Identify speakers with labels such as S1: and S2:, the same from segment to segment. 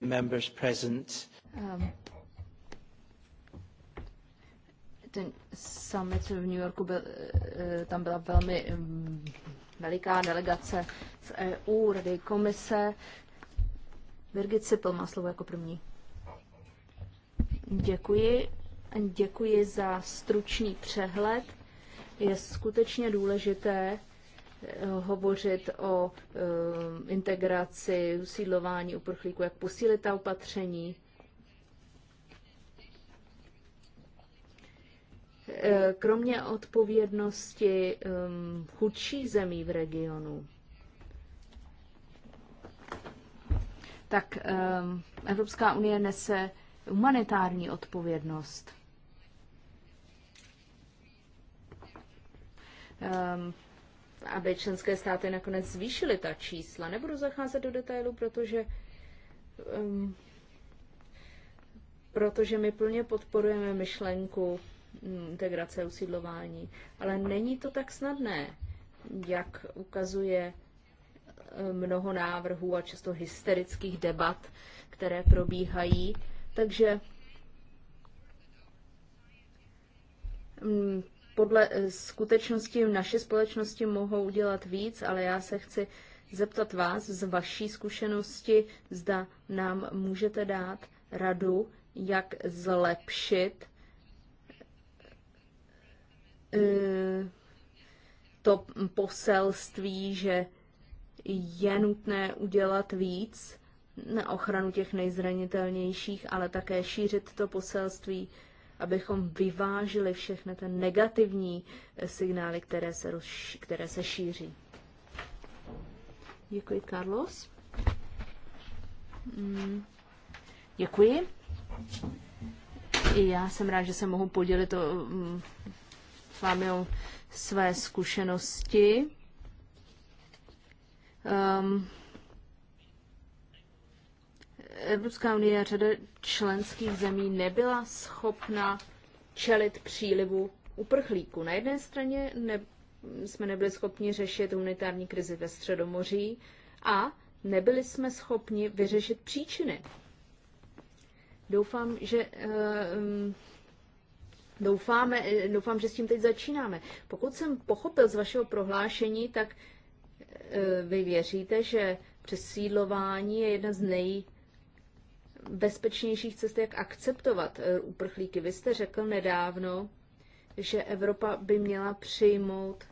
S1: members present. Um, ten summit v New Yorku byl, eh, eh, tam byla velmi um, veliká delegace z EU, Rady komise. Birgit Sipl má slovo jako první. Děkuji. Děkuji za stručný přehled. Je skutečně důležité hovořit o eh, integraci, usídlování uprchlíků, jak posílit ta opatření. Eh, kromě odpovědnosti eh, chudší zemí v regionu, tak Evropská unie nese humanitární odpovědnost aby členské státy nakonec zvýšily ta čísla. Nebudu zacházet do detailu, protože, um, protože my plně podporujeme myšlenku mm, integrace usídlování, ale není to tak snadné, jak ukazuje eh, mnoho návrhů a často hysterických debat, které probíhají. Takže mm, podle eh, skutečnosti naše společnosti mohou udělat víc, ale já se chci zeptat vás z vaší zkušenosti, zda nám můžete dát radu, jak zlepšit eh, to poselství, že je nutné udělat víc na ochranu těch nejzranitelnějších, ale také šířit to poselství abychom vyvážili všechny ty negativní eh, signály, které se, rozši- které se šíří. Děkuji, Carlos. Mm. Děkuji. I já jsem rád, že se mohu podělit o, mm, s vámi o své zkušenosti. Um, Evropská unie a řada členských zemí nebyla schopna čelit přílivu uprchlíků. Na jedné straně ne, jsme nebyli schopni řešit unitární krizi ve Středomoří a nebyli jsme schopni vyřešit příčiny. Doufám, že uh, doufáme, doufám, že s tím teď začínáme. Pokud jsem pochopil z vašeho prohlášení, tak eh, vy věříte, že přesídlování je jedna z nej bezpečnějších cest, jak akceptovat eh, uprchlíky. Vy jste řekl nedávno, že Evropa by měla přijmout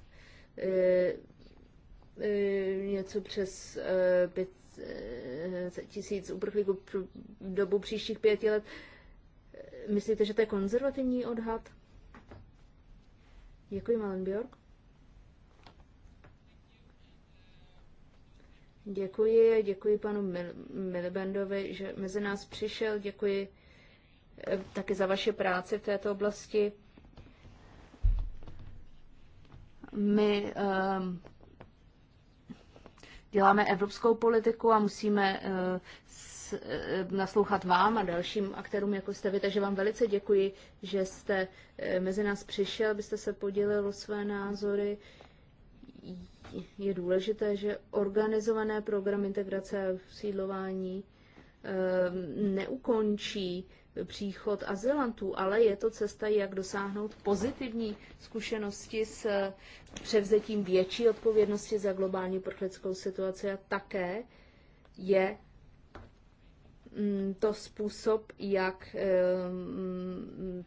S1: e, e, něco přes e, tisíc uprchlíků v dobu příštích pěti let. Myslíte, že to je konzervativní odhad? Děkuji, Malenbjörk. Bjork. Děkuji, děkuji panu Mil- Milibendovi, že mezi nás přišel, děkuji eh, taky za vaše práci v této oblasti. My um, děláme evropskou politiku a musíme uh, s, uh, naslouchat vám a dalším aktérům, jako jste vy. Takže vám velice děkuji, že jste uh, mezi nás přišel, abyste se podělil o své názory je důležité, že organizované programy integrace a sídlování ehm, neukončí příchod azylantů, ale je to cesta, jak dosáhnout pozitivní zkušenosti s převzetím větší odpovědnosti za globální prchlickou situaci a také je mm, to způsob, jak ehm,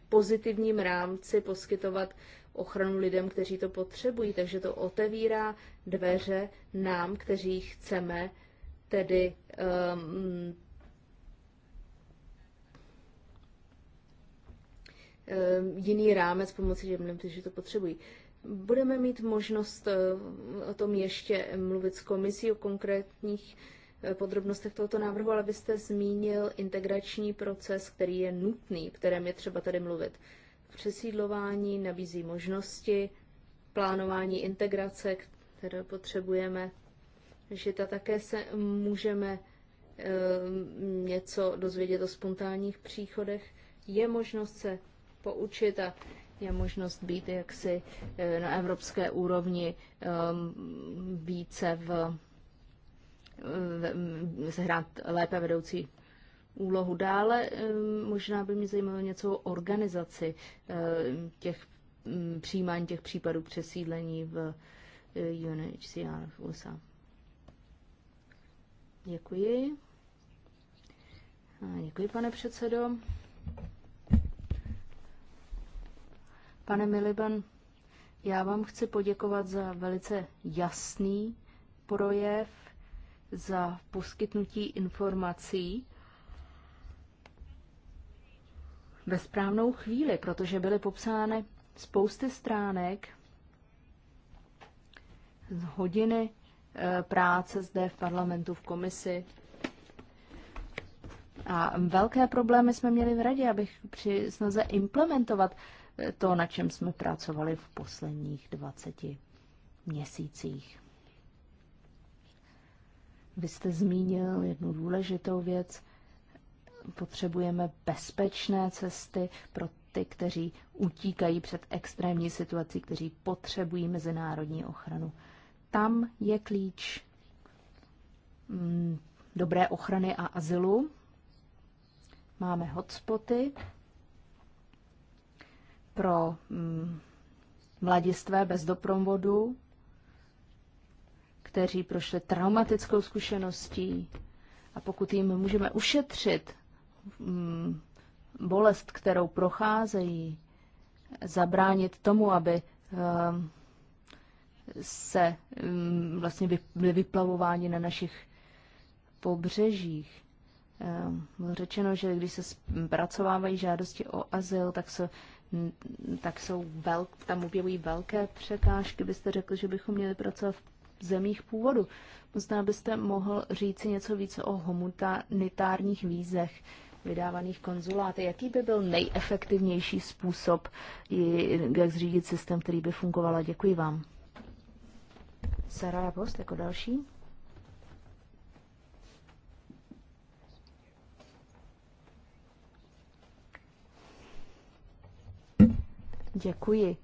S1: pozitivním rámci poskytovat ochranu lidem, kteří to potřebují. Takže to otevírá dveře nám, kteří chceme tedy um, um jiný rámec pomoci těm, kteří to potřebují. Budeme mít možnost uh, o tom ještě mluvit s komisí o konkrétních uh, podrobnostech tohoto návrhu, ale byste zmínil integrační proces, který je nutný, kterém je třeba tady mluvit přesídlování, nabízí možnosti, plánování integrace, které potřebujeme, že ta také se můžeme eh, něco dozvědět o spontánních příchodech. Je možnost se poučit a je možnost být jaksi eh, na evropské úrovni eh, více v, v sehrát lépe vedoucí úlohu. Dále eh, možná by mě zajímalo něco o organizaci eh, těch mm, přijímání těch případů přesídlení v eh, UNHCR v USA. Děkuji. děkuji, pane předsedo. Pane Miliban, já vám chci poděkovat za velice jasný projev, za poskytnutí informací ve správnou chvíli, protože byly popsány spousty stránek z hodiny eh, práce zde v parlamentu, v komisi. A velké problémy jsme měli v radě, abych při snaze implementovat eh, to, na čem jsme pracovali v posledních 20 měsících. Vy jste zmínil jednu důležitou věc, potřebujeme bezpečné cesty pro ty, kteří utíkají před extrémní situací, kteří potřebují mezinárodní ochranu. Tam je klíč mm, dobré ochrany a azylu. Máme hotspoty pro mm, mladistvé bez doprovodu, kteří prošli traumatickou zkušeností. A pokud jim můžeme ušetřit Mm, bolest, kterou procházejí, zabránit tomu, aby ehm, se mm, vlastně byly vyplavováni na našich pobřežích. Ehm, bylo řečeno, že když se zpracovávají žádosti o azyl, tak, se, tak jsou velk, tam objevují velké překážky. Byste řekl, že bychom měli pracovat v zemích původu. Možná byste mohl říci něco více o humanitárních vízech, vydávaných konzuláty. Jaký by byl nejefektivnější způsob, jak zřídit systém, který by fungoval? Děkuji vám. Sara Post jako další. Děkuji.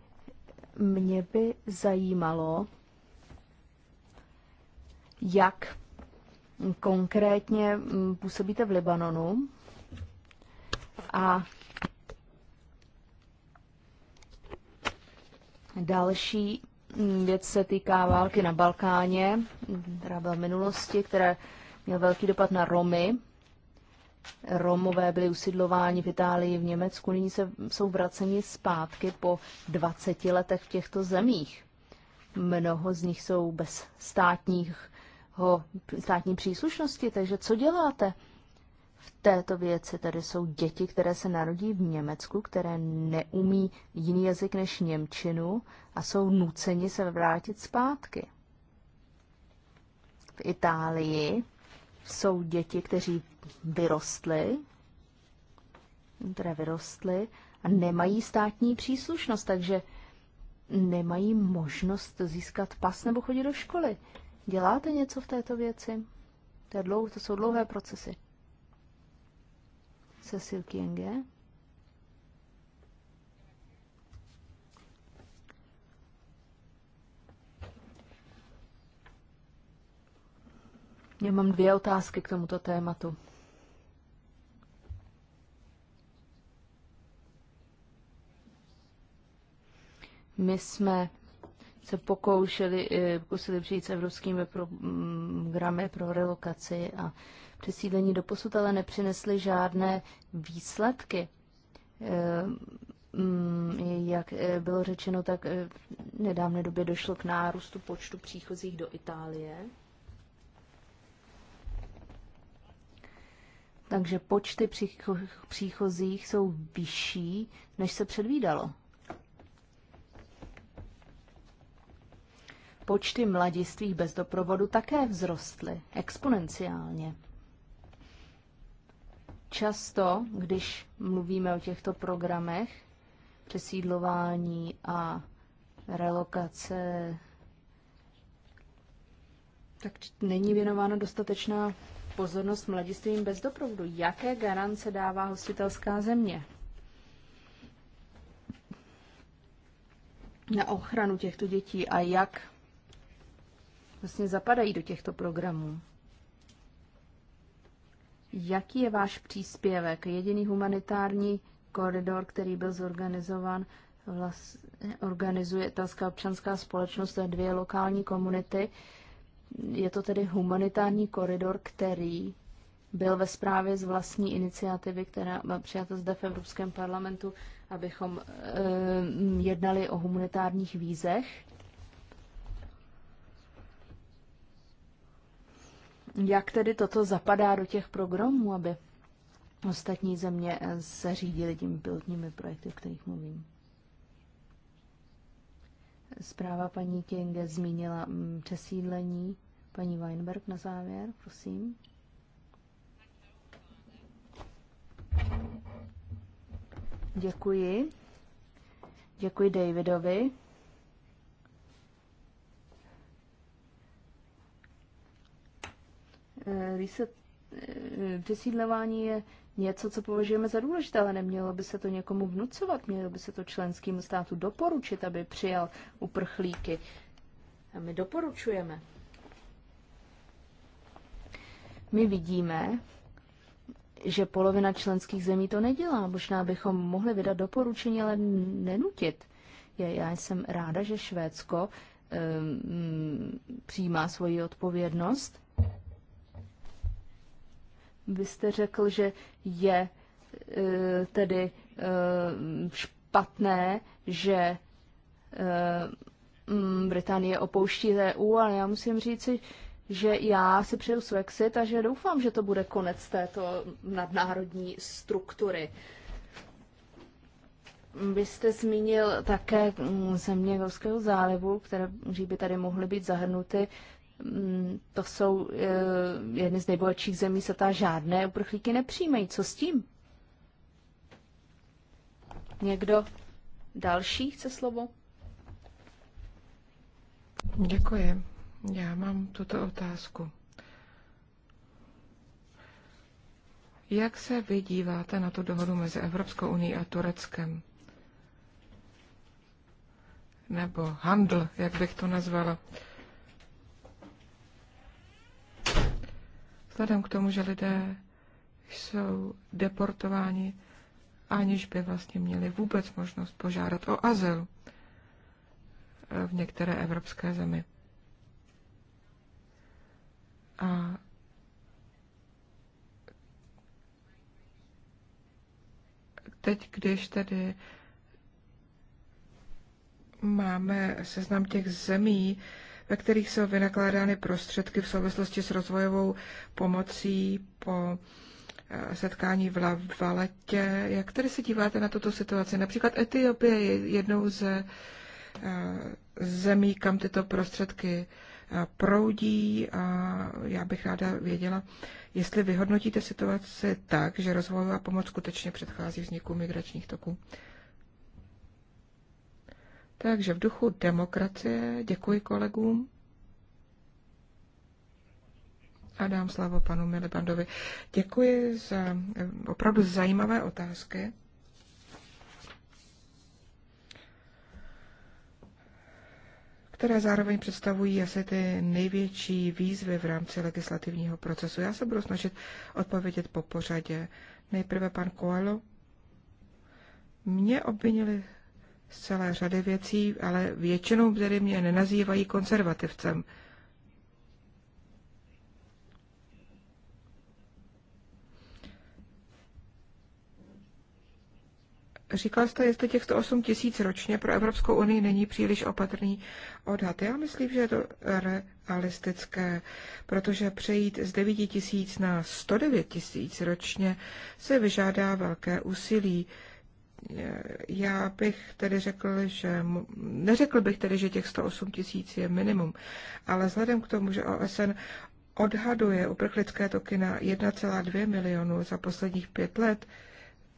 S1: Mě by zajímalo, jak konkrétně působíte v Libanonu a další věc se týká války na Balkáně, která byla v minulosti, která měla velký dopad na Romy. Romové byli usidlováni v Itálii, v Německu, nyní se, jsou vraceni zpátky po 20 letech v těchto zemích. Mnoho z nich jsou bez státních státní příslušnosti, takže co děláte? v této věci tady jsou děti, které se narodí v Německu, které neumí jiný jazyk než Němčinu a jsou nuceni se vrátit zpátky. V Itálii jsou děti, kteří vyrostly, které vyrostly a nemají státní příslušnost, takže nemají možnost získat pas nebo chodit do školy. Děláte něco v této věci? To, dlouho, to jsou dlouhé procesy. Cecil Kienge. Já mám dvě otázky k tomuto tématu. My jsme se pokoušeli, eh, pokusili přijít s evropskými programy pro relokaci a přesídlení do posud, ale nepřinesly žádné výsledky. Eh, mm, jak eh, bylo řečeno, tak eh, v nedávné době došlo k nárůstu počtu příchozích do Itálie. Takže počty příchozích jsou vyšší, než se předvídalo. Počty mladistvých bez doprovodu také vzrostly exponenciálně. Často, když mluvíme o těchto programech, přesídlování a relokace, tak není věnována dostatečná pozornost mladistvím bez doprovodu. Jaké garance dává hostitelská země? na ochranu těchto dětí a jak vlastně zapadají do těchto programů. Jaký je váš příspěvek? Jediný humanitární koridor, který byl zorganizovan, vlastně organizuje italská občanská společnost a dvě lokální komunity. Je to tedy humanitární koridor, který byl ve zprávě z vlastní iniciativy, která byla přijata zde v Evropském parlamentu, abychom eh, jednali o humanitárních vízech. Jak tedy toto zapadá do těch programů, aby ostatní země se řídily těmi pilotními projekty, o kterých mluvím? Zpráva paní Kinge zmínila mm, přesídlení. Paní Weinberg na závěr, prosím. Děkuji. Děkuji Davidovi. reset, eh, eh, přesídlování je něco, co považujeme za důležité, ale nemělo by se to někomu vnucovat, mělo by se to členským státu doporučit, aby přijal uprchlíky. A my doporučujeme. My vidíme, že polovina členských zemí to nedělá. Možná bychom mohli vydat doporučení, ale nenutit. Já jsem ráda, že Švédsko um, přijímá svoji odpovědnost vy jste řekl, že je e, tedy e, špatné, že e, mm, Británie opouští EU, ale já musím říci, že já si přeju Swexit a že doufám, že to bude konec této nadnárodní struktury. Vy jste zmínil také mm, země Evropského zálivu, které by tady mohly být zahrnuty Mm, to jsou eh, jedny z nejbohatších zemí se ta žádné uprchlíky nepřijmejí. Co s tím? Někdo další chce slovo?
S2: Děkuji. Já mám tuto otázku. Jak se vy díváte na tu dohodu mezi Evropskou unii a Tureckem? Nebo handl, jak bych to nazvala? Vzhledem k tomu, že lidé jsou deportováni, aniž by vlastně měli vůbec možnost požádat o azyl v některé evropské zemi. A teď, když tedy máme seznam těch zemí, ve kterých jsou vynakládány prostředky v souvislosti s rozvojovou pomocí po eh, setkání v, La, Valetě. Jak tedy se díváte na tuto situaci? Například Etiopie je jednou ze eh, zemí, kam tyto prostředky eh, proudí a já bych ráda věděla, jestli vyhodnotíte situaci tak, že rozvojová pomoc skutečně předchází vzniku migračních toků. Takže v duchu demokracie děkuji kolegům a dám slavo panu Milibandovi. Děkuji za opravdu zajímavé otázky. které zároveň představují asi ty největší výzvy v rámci legislativního procesu. Já se budu snažit odpovědět po pořadě. Nejprve pan Coelho. Mě obvinili z celé řady věcí, ale většinou tedy mě nenazývají konzervativcem. Říkal jste, jestli těch 108 tisíc ročně pro Evropskou unii není příliš opatrný odhad. Já myslím, že je to realistické, protože přejít z 9 tisíc na 109 tisíc ročně se vyžádá velké úsilí já bych tedy řekl, že neřekl bych tedy, že těch 108 tisíc je minimum, ale vzhledem k tomu, že OSN odhaduje uprchlické toky na 1,2 milionu za posledních pět let,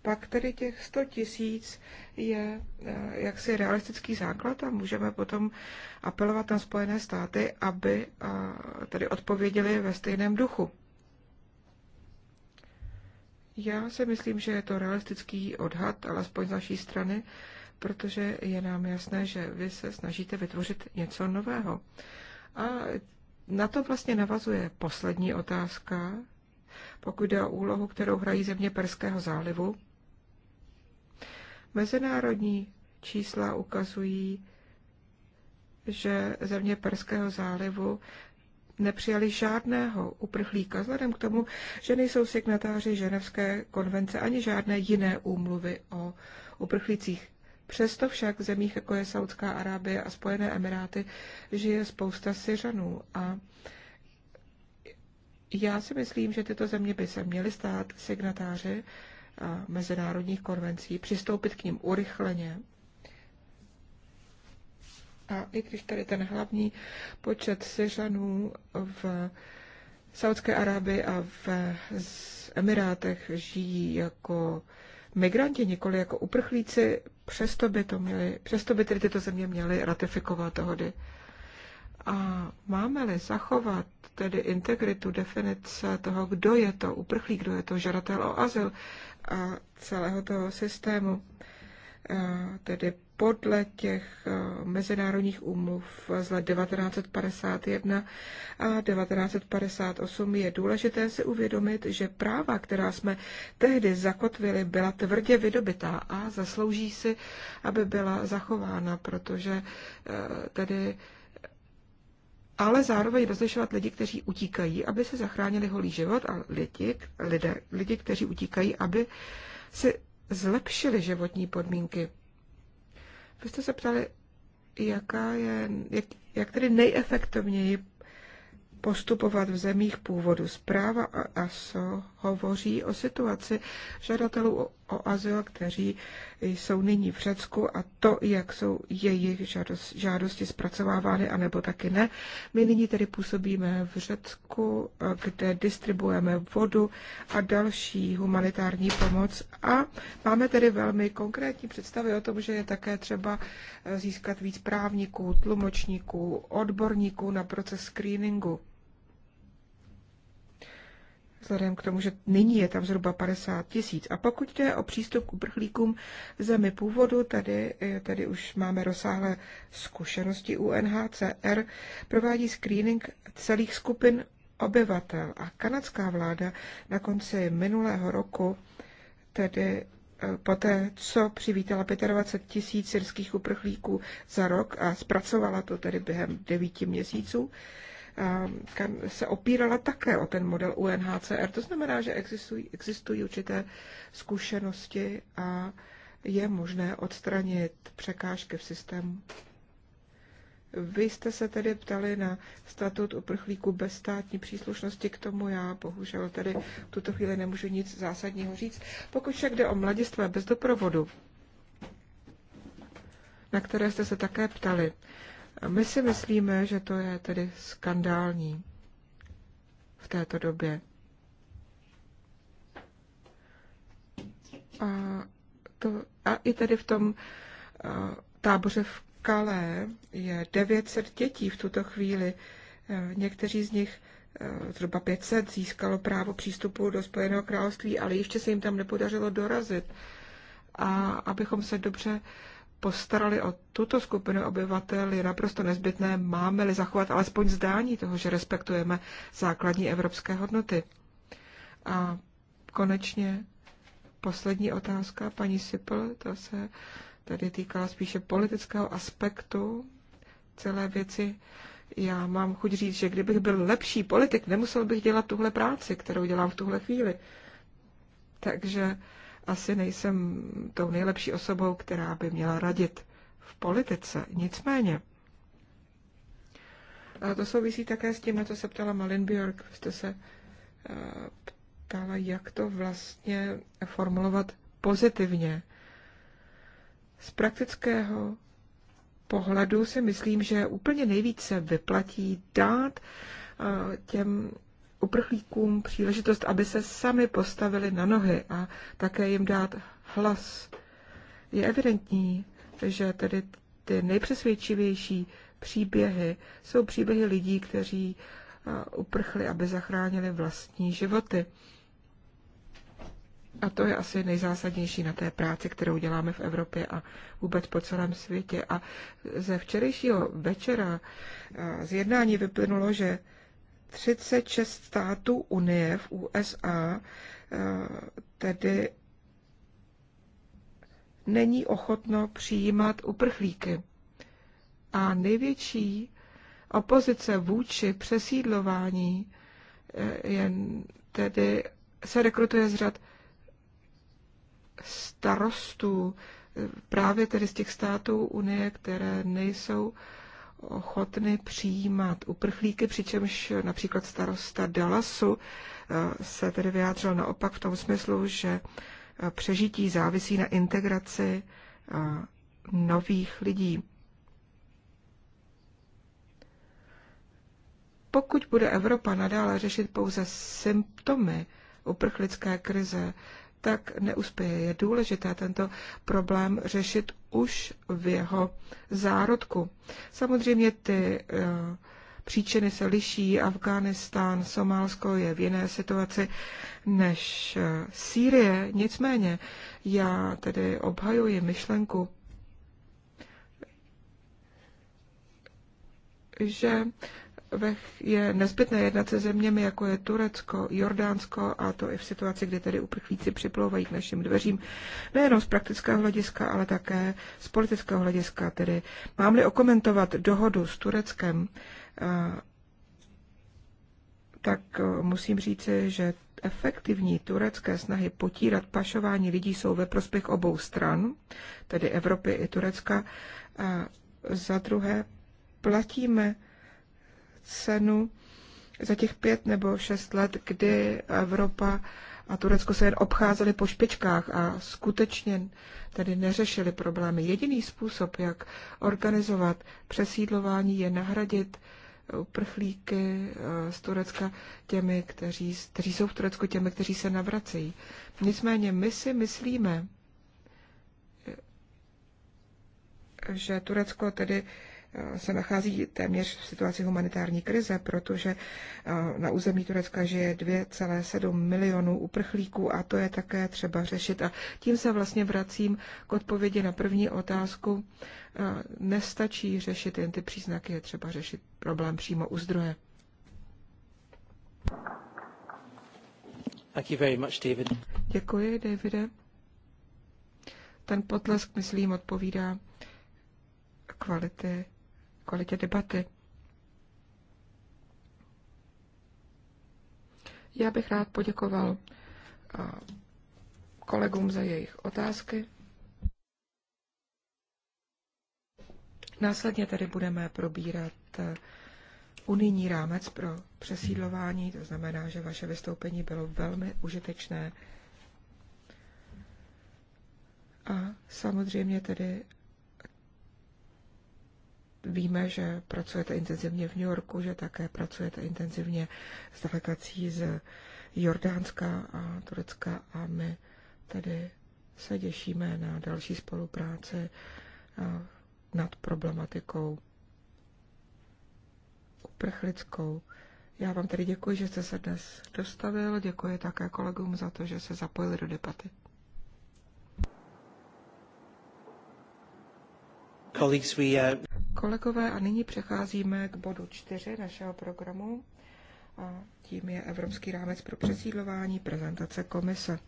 S2: pak tedy těch 100 tisíc je eh, jaksi realistický základ a můžeme potom apelovat na Spojené státy, aby eh, tedy odpověděli ve stejném duchu. Já si myslím, že je to realistický odhad, alespoň z naší strany, protože je nám jasné, že vy se snažíte vytvořit něco nového. A na to vlastně navazuje poslední otázka, pokud jde o úlohu, kterou hrají země Perského zálivu. Mezinárodní čísla ukazují, že země Perského zálivu nepřijali žádného uprchlíka, vzhledem k tomu, že nejsou signatáři Ženevské konvence ani žádné jiné úmluvy o uprchlících. Přesto však v zemích, jako je Saudská Arábie a Spojené Emiráty, žije spousta Syřanů a já si myslím, že tyto země by se měly stát signatáři mezinárodních konvencí, přistoupit k ním urychleně a i když tady ten hlavní počet Syřanů v Saudské Arábii a v Emirátech žijí jako migranti, nikoli jako uprchlíci, přesto by, to měli, přesto by tedy tyto země měly ratifikovat dohody. A máme-li zachovat tedy integritu definice toho, kdo je to uprchlík, kdo je to žadatel o azyl a celého toho systému, tedy podle těch eh, mezinárodních úmluv z let 1951 a 1958 je důležité si uvědomit, že práva, která jsme tehdy zakotvili, byla tvrdě vydobytá a zaslouží si, aby byla zachována, protože eh, tedy ale zároveň rozlišovat lidi, kteří utíkají, aby se zachránili holý život a lidi, lidé, lidi kteří utíkají, aby si zlepšili životní podmínky. Vy jste se ptali, jaká je, jak, jak tedy nejefektivněji postupovat v zemích původu. Zpráva so hovoří o situaci žadatelů o azyl, kteří jsou nyní v Řecku a to, jak jsou jejich žádosti zpracovávány, anebo taky ne. My nyní tedy působíme v Řecku, kde distribuujeme vodu a další humanitární pomoc a máme tedy velmi konkrétní představy o tom, že je také třeba získat víc právníků, tlumočníků, odborníků na proces screeningu vzhledem k tomu, že nyní je tam zhruba 50 tisíc. A pokud jde o přístup k uprchlíkům zemi původu, tady, eh, tady už máme rozsáhlé zkušenosti. UNHCR provádí screening celých skupin obyvatel a kanadská vláda na konci minulého roku tedy eh, poté, co přivítala 25 tisíc syrských uprchlíků za rok a zpracovala to tedy během devíti měsíců, se opírala také o ten model UNHCR. To znamená, že existují, existují určité zkušenosti a je možné odstranit překážky v systému. Vy jste se tedy ptali na statut uprchlíků bez státní příslušnosti, k tomu já bohužel tedy v tuto chvíli nemůžu nic zásadního říct. Pokud však jde o mladistvé bez doprovodu, na které jste se také ptali, my si myslíme, že to je tedy skandální v této době. A, to, a i tedy v tom a, táboře v Kalé je 900 dětí v tuto chvíli. E, někteří z nich, e, zhruba 500, získalo právo přístupu do Spojeného království, ale ještě se jim tam nepodařilo dorazit. A abychom se dobře postarali o tuto skupinu obyvatel, je naprosto nezbytné, máme-li zachovat alespoň zdání toho, že respektujeme základní evropské hodnoty. A konečně poslední otázka, paní Sipl, to se tady týká spíše politického aspektu celé věci. Já mám chuť říct, že kdybych byl lepší politik, nemusel bych dělat tuhle práci, kterou dělám v tuhle chvíli. Takže asi nejsem tou nejlepší osobou, která by měla radit v politice. Nicméně, a to souvisí také s tím, na co se ptala Malin Björk. Vy jste se eh, ptala, jak to vlastně formulovat pozitivně. Z praktického pohledu si myslím, že úplně nejvíce vyplatí dát eh, těm uprchlíkům příležitost, aby se sami postavili na nohy a také jim dát hlas. Je evidentní, že tedy ty nejpřesvědčivější příběhy jsou příběhy lidí, kteří eh, uprchli, aby zachránili vlastní životy. A to je asi nejzásadnější na té práci, kterou děláme v Evropě a vůbec po celém světě. A ze včerejšího večera eh, z jednání vyplynulo, že 36 států Unie v USA eh, tedy není ochotno přijímat uprchlíky. A největší opozice vůči přesídlování eh, jen tedy se rekrutuje z řad starostů, eh, právě tedy z těch států Unie, které nejsou ochotny přijímat uprchlíky, přičemž například starosta Dallasu eh, se tedy vyjádřil naopak v tom smyslu, že eh, přežití závisí na integraci eh, nových lidí. Pokud bude Evropa nadále řešit pouze symptomy uprchlické krize, tak neuspěje. Je důležité tento problém řešit už v jeho zárodku. Samozřejmě ty eh, příčiny se liší. Afghánistán, Somálsko je v jiné situaci než eh, Sýrie. Nicméně já tedy obhajuji myšlenku, že je nezbytné jednat se zeměmi, jako je Turecko, Jordánsko, a to i v situaci, kdy tedy uprchlíci připlouvají k našim dveřím, nejenom z praktického hlediska, ale také z politického hlediska. Tedy mám-li okomentovat dohodu s Tureckem, tak musím říci, že efektivní turecké snahy potírat pašování lidí jsou ve prospěch obou stran, tedy Evropy i Turecka. A za druhé, platíme cenu za těch pět nebo šest let, kdy Evropa a Turecko se jen obcházeli po špičkách a skutečně tedy neřešili problémy. Jediný způsob, jak organizovat přesídlování, je nahradit uprchlíky eh, z Turecka těmi, kteří, kteří jsou v Turecku, těmi, kteří se navracejí. Nicméně my si myslíme, že Turecko tedy se nachází téměř v situaci humanitární krize, protože eh, na území Turecka žije 2,7 milionů uprchlíků a to je také třeba řešit. A tím se vlastně vracím k odpovědi na první otázku. Eh, nestačí řešit jen ty příznaky, je třeba řešit problém přímo u zdroje.
S1: Thank you very much, David.
S2: Děkuji, Davide. Ten potlesk, myslím, odpovídá kvality kvalitě debaty. Já bych rád poděkoval kolegům za jejich otázky. Následně tedy budeme probírat unijní rámec pro přesídlování, to znamená, že vaše vystoupení bylo velmi užitečné. A samozřejmě tedy Víme, že pracujete intenzivně v New Yorku, že také pracujete intenzivně s delegací z Jordánska a Turecka a my tedy se těšíme na další spolupráci nad problematikou uprchlickou. Já vám tedy děkuji, že jste se dnes dostavil, děkuji také kolegům za to, že se zapojili do debaty. Colleagues, we, uh, kolegové, a nyní přecházíme k bodu 4 našeho programu. A tím je Evropský rámec pro přesídlování, prezentace komise.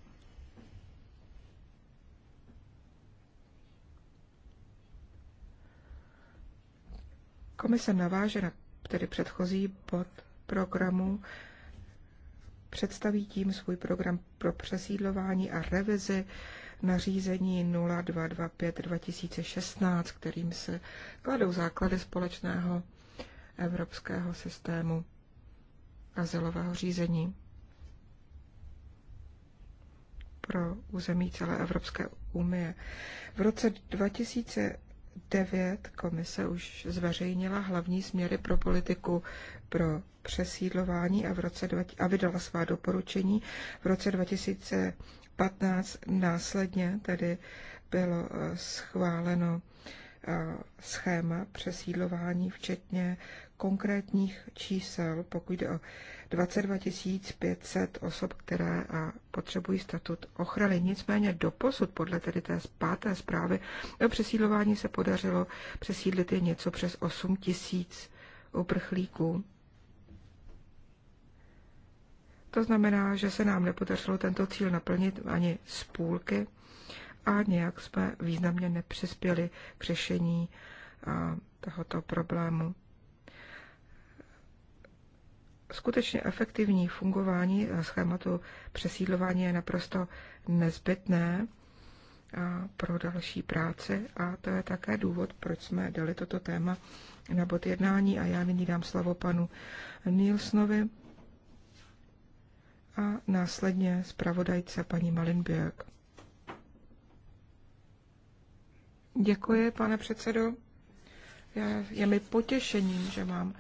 S2: Komise naváže na tedy předchozí bod programu, představí tím svůj program pro přesídlování a revizi nařízení 0225 2016, kterým se kladou základy společného evropského systému azylového řízení pro území celé Evropské unie. V roce 2000 2009 komise už zveřejnila hlavní směry pro politiku pro přesídlování a, v roce 20, a vydala svá doporučení. V roce 2015 následně tedy bylo eh, schváleno eh, schéma přesídlování, včetně konkrétních čísel, pokud jde o 22 500 osob, které potřebují statut ochrany. Nicméně doposud podle tedy té páté zprávy o přesídlování se podařilo přesídlit je něco přes 8 000 uprchlíků. To znamená, že se nám nepodařilo tento cíl naplnit ani z půlky a nějak jsme významně nepřispěli k řešení tohoto problému skutečně efektivní fungování schématu přesídlování je naprosto nezbytné pro další práci a to je také důvod, proč jsme dali toto téma na bod jednání a já nyní dám slovo panu Nilsnovi a následně zpravodajce paní Malinbjerg. Děkuji, pane předsedo. je mi potěšením, že mám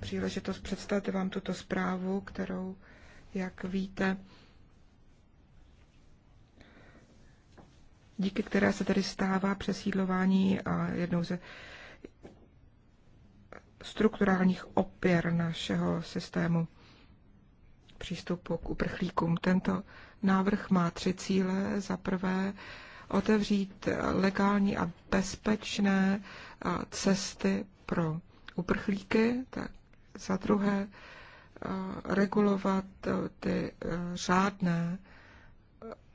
S2: příležitost představit vám tuto zprávu, kterou, jak víte, díky které se tedy stává přesídlování a jednou ze strukturálních opěr našeho systému přístupu k uprchlíkům. Tento návrh má tři cíle. Za prvé otevřít legální a bezpečné cesty pro uprchlíky, tak za druhé eh, regulovat eh, ty eh, řádné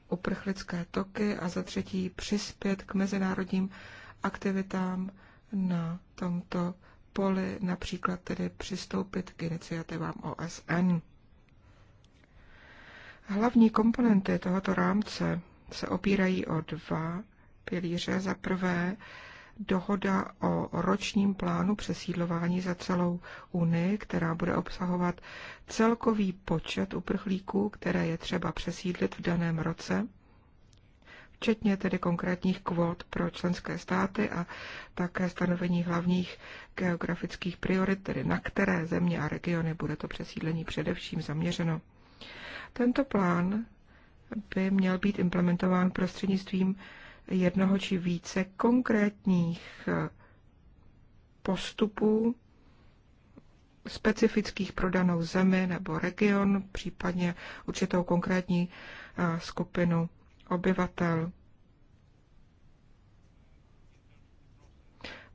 S2: uprchlické toky a za třetí přispět k mezinárodním aktivitám na tomto poli, například tedy přistoupit k iniciativám OSN. Hlavní komponenty tohoto rámce se opírají o dva pilíře. Za prvé dohoda o ročním plánu přesídlování za celou Unii, která bude obsahovat celkový počet uprchlíků, které je třeba přesídlit v daném roce, včetně tedy konkrétních kvót pro členské státy a také stanovení hlavních geografických priorit, tedy na které země a regiony bude to přesídlení především zaměřeno. Tento plán by měl být implementován prostřednictvím jednoho či více konkrétních eh, postupů specifických pro danou zemi nebo region, případně určitou konkrétní eh, skupinu obyvatel.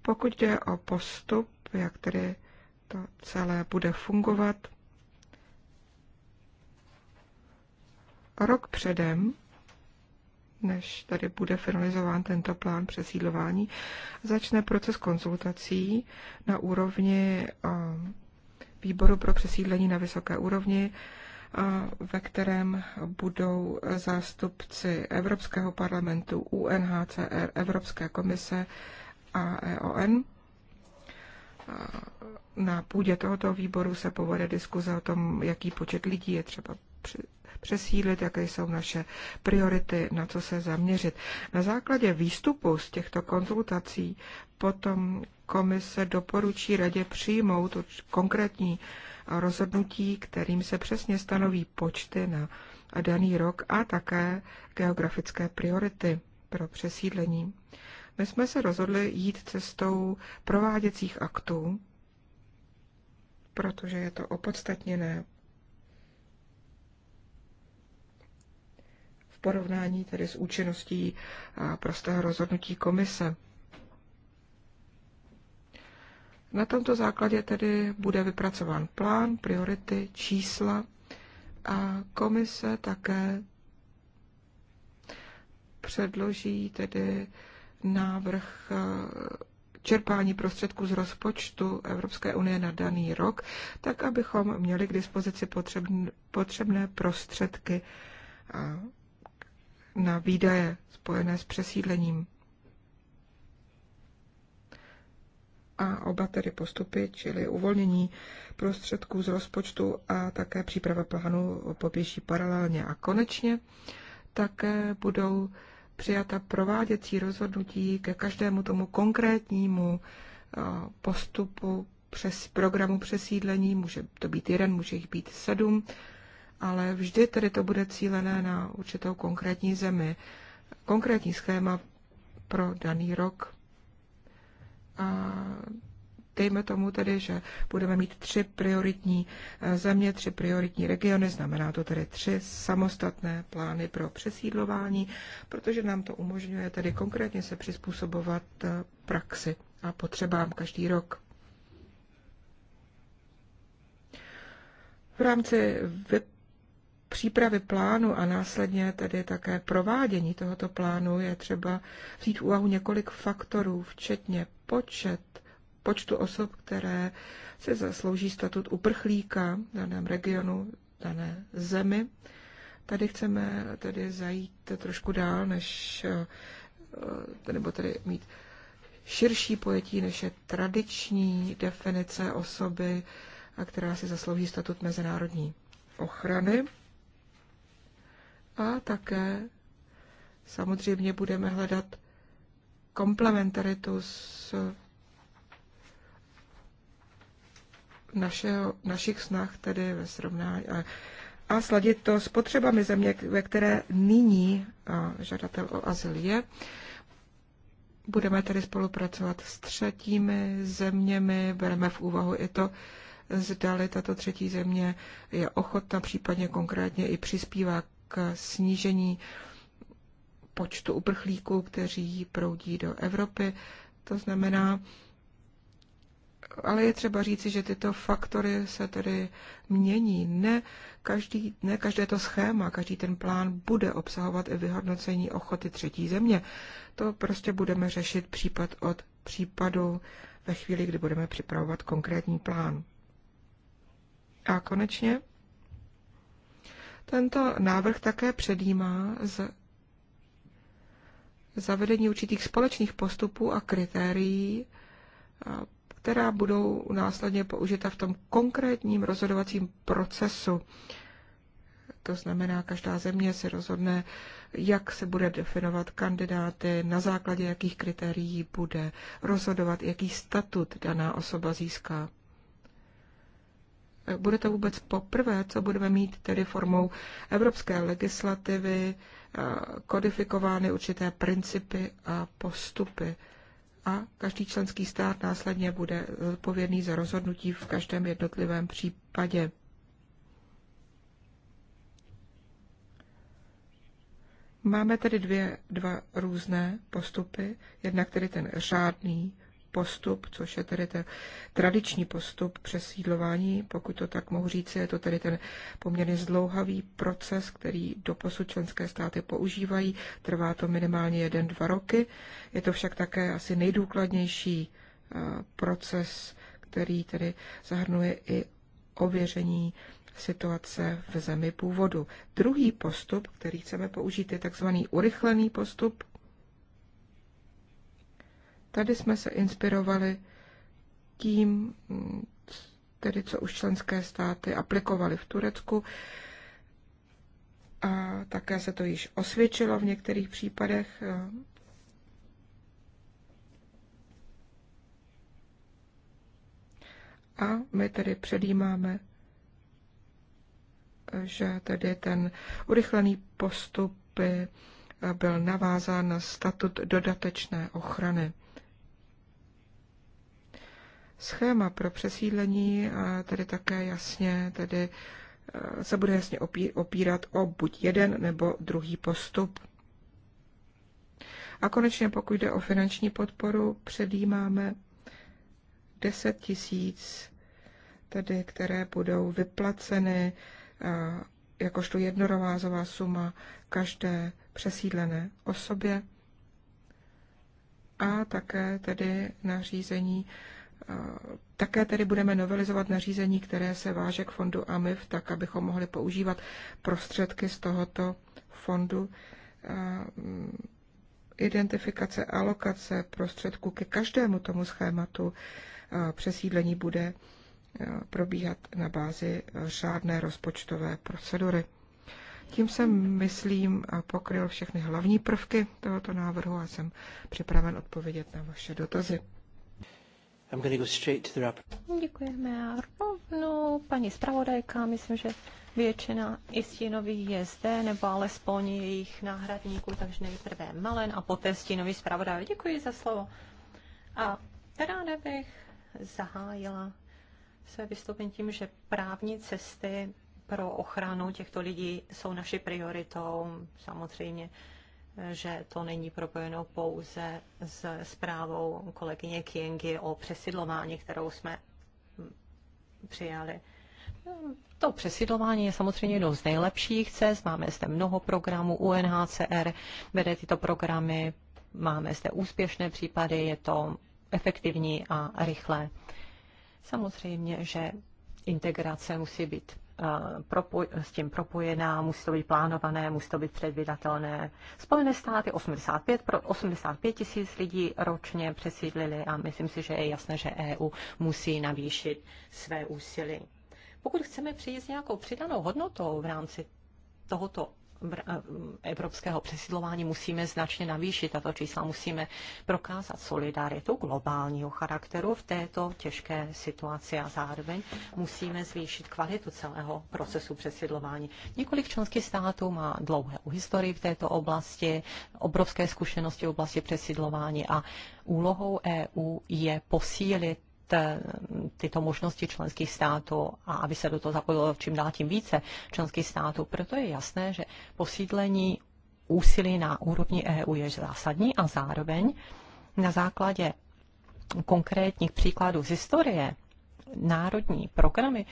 S2: Pokud jde o postup, jak tedy to celé bude fungovat, rok předem než tady bude finalizován tento plán přesídlování, začne proces konzultací na úrovni eh, výboru pro přesídlení na vysoké úrovni, eh, ve kterém budou zástupci Evropského parlamentu, UNHCR, Evropské komise a EON. Eh, na půdě tohoto výboru se povede diskuze o tom, jaký počet lidí je třeba přesídlit, jaké jsou naše priority, na co se zaměřit. Na základě výstupu z těchto konzultací potom komise doporučí radě přijmout konkrétní rozhodnutí, kterým se přesně stanoví počty na daný rok a také geografické priority pro přesídlení. My jsme se rozhodli jít cestou prováděcích aktů, protože je to opodstatněné porovnání tedy s účinností prostého rozhodnutí komise. Na tomto základě tedy bude vypracován plán, priority, čísla a komise také předloží tedy návrh čerpání prostředků z rozpočtu Evropské unie na daný rok, tak abychom měli k dispozici potřebné prostředky na výdaje spojené s přesídlením. A oba tedy postupy, čili uvolnění prostředků z rozpočtu a také příprava plánu poběží paralelně. A konečně také budou přijata prováděcí rozhodnutí ke každému tomu konkrétnímu eh, postupu přes programu přesídlení. Může to být jeden, může jich být sedm ale vždy tedy to bude cílené na určitou konkrétní zemi, konkrétní schéma pro daný rok. A dejme tomu tedy, že budeme mít tři prioritní eh, země, tři prioritní regiony, znamená to tedy tři samostatné plány pro přesídlování, protože nám to umožňuje tedy konkrétně se přizpůsobovat eh, praxi a potřebám každý rok. V rámci přípravy plánu a následně tedy také provádění tohoto plánu je třeba vzít v úvahu několik faktorů, včetně počet, počtu osob, které se zaslouží statut uprchlíka v daném regionu, dané zemi. Tady chceme tedy zajít trošku dál, než, eh, nebo tedy mít širší pojetí, než je tradiční definice osoby, a která si zaslouží statut mezinárodní ochrany. A také samozřejmě budeme hledat komplementaritu s našeho, našich snah, tedy ve srovnání, a, a sladit to s potřebami země, ve které nyní žadatel o azyl je. Budeme tedy spolupracovat s třetími zeměmi, bereme v úvahu i to, zdali tato třetí země je ochotna, případně konkrétně i přispívá k snížení počtu uprchlíků, kteří proudí do Evropy. To znamená, ale je třeba říci, že tyto faktory se tedy mění. Ne, každý, ne každé to schéma, každý ten plán bude obsahovat i vyhodnocení ochoty třetí země. To prostě budeme řešit případ od případu ve chvíli, kdy budeme připravovat konkrétní plán. A konečně tento návrh také předjímá z zavedení určitých společných postupů a kritérií, která budou následně použita v tom konkrétním rozhodovacím procesu. To znamená, každá země se rozhodne, jak se bude definovat kandidáty, na základě jakých kritérií bude rozhodovat, jaký statut daná osoba získá bude to vůbec poprvé, co budeme mít tedy formou evropské legislativy, eh, kodifikovány určité principy a postupy. A každý členský stát následně bude odpovědný za rozhodnutí v každém jednotlivém případě. Máme tedy dvě, dva různé postupy. Jednak tedy ten řádný postup, což je tedy ten tradiční postup přesídlování, pokud to tak mohu říct, je to tedy ten poměrně zdlouhavý proces, který doposud členské státy používají, trvá to minimálně jeden, dva roky. Je to však také asi nejdůkladnější eh, proces, který tedy zahrnuje i ověření situace v zemi původu. Druhý postup, který chceme použít, je takzvaný urychlený postup, Tady jsme se inspirovali tím, tedy co už členské státy aplikovaly v Turecku. A také se to již osvědčilo v některých případech. A my tedy předjímáme, že tedy ten urychlený postup by byl navázán na statut dodatečné ochrany. Schéma pro přesídlení tedy také jasně tedy e, se bude jasně opírat o buď jeden nebo druhý postup. A konečně, pokud jde o finanční podporu, předjímáme 10 tisíc, tedy které budou vyplaceny e, jakožto jednorovázová suma každé přesídlené osobě a také tedy nařízení také tedy budeme novelizovat nařízení, které se váže k fondu AMIF, tak abychom mohli používat prostředky z tohoto fondu eh, identifikace, alokace prostředků ke každému tomu schématu eh, přesídlení bude eh, probíhat na bázi řádné rozpočtové procedury. Tím jsem, myslím, pokryl všechny hlavní prvky tohoto návrhu a jsem připraven odpovědět na vaše dotazy. I'm going to go straight to the
S3: Děkujeme a rovnou paní zpravodajka, myslím, že většina stínových je zde, nebo alespoň jejich náhradníků, takže nejprve Malen a poté stínový zpravodaj. Děkuji za slovo. A teda bych zahájila své vystoupení tím, že právní cesty pro ochranu těchto lidí jsou naší prioritou. Samozřejmě že to není propojeno pouze s zprávou kolegyně Kiengy o přesidlování, kterou jsme přijali. To přesidlování je samozřejmě jednou z nejlepších cest. Máme zde mnoho programů. UNHCR vede tyto programy. Máme zde úspěšné případy. Je to efektivní a rychlé. Samozřejmě, že integrace musí být s tím propojená, musí to být plánované, musí to být předvydatelné. Spojené státy 85, pro 85 tisíc lidí ročně přesídlili a myslím si, že je jasné, že EU musí navýšit své úsilí. Pokud chceme přijít s nějakou přidanou hodnotou v rámci tohoto Eh, evropského přesídlování musíme značně navýšit tato čísla, musíme prokázat solidaritu globálního charakteru v této těžké situaci a zároveň musíme zvýšit kvalitu celého procesu přesídlování. Několik členských států má dlouhou historii v této oblasti, obrovské zkušenosti v oblasti přesídlování a úlohou EU je posílit Eh, tyto možnosti členských států a aby se do toho zapojilo čím dál tím více členských států. Proto je jasné, že posídlení úsilí na úrovni EU je zásadní a zároveň na základě konkrétních příkladů z historie národní programy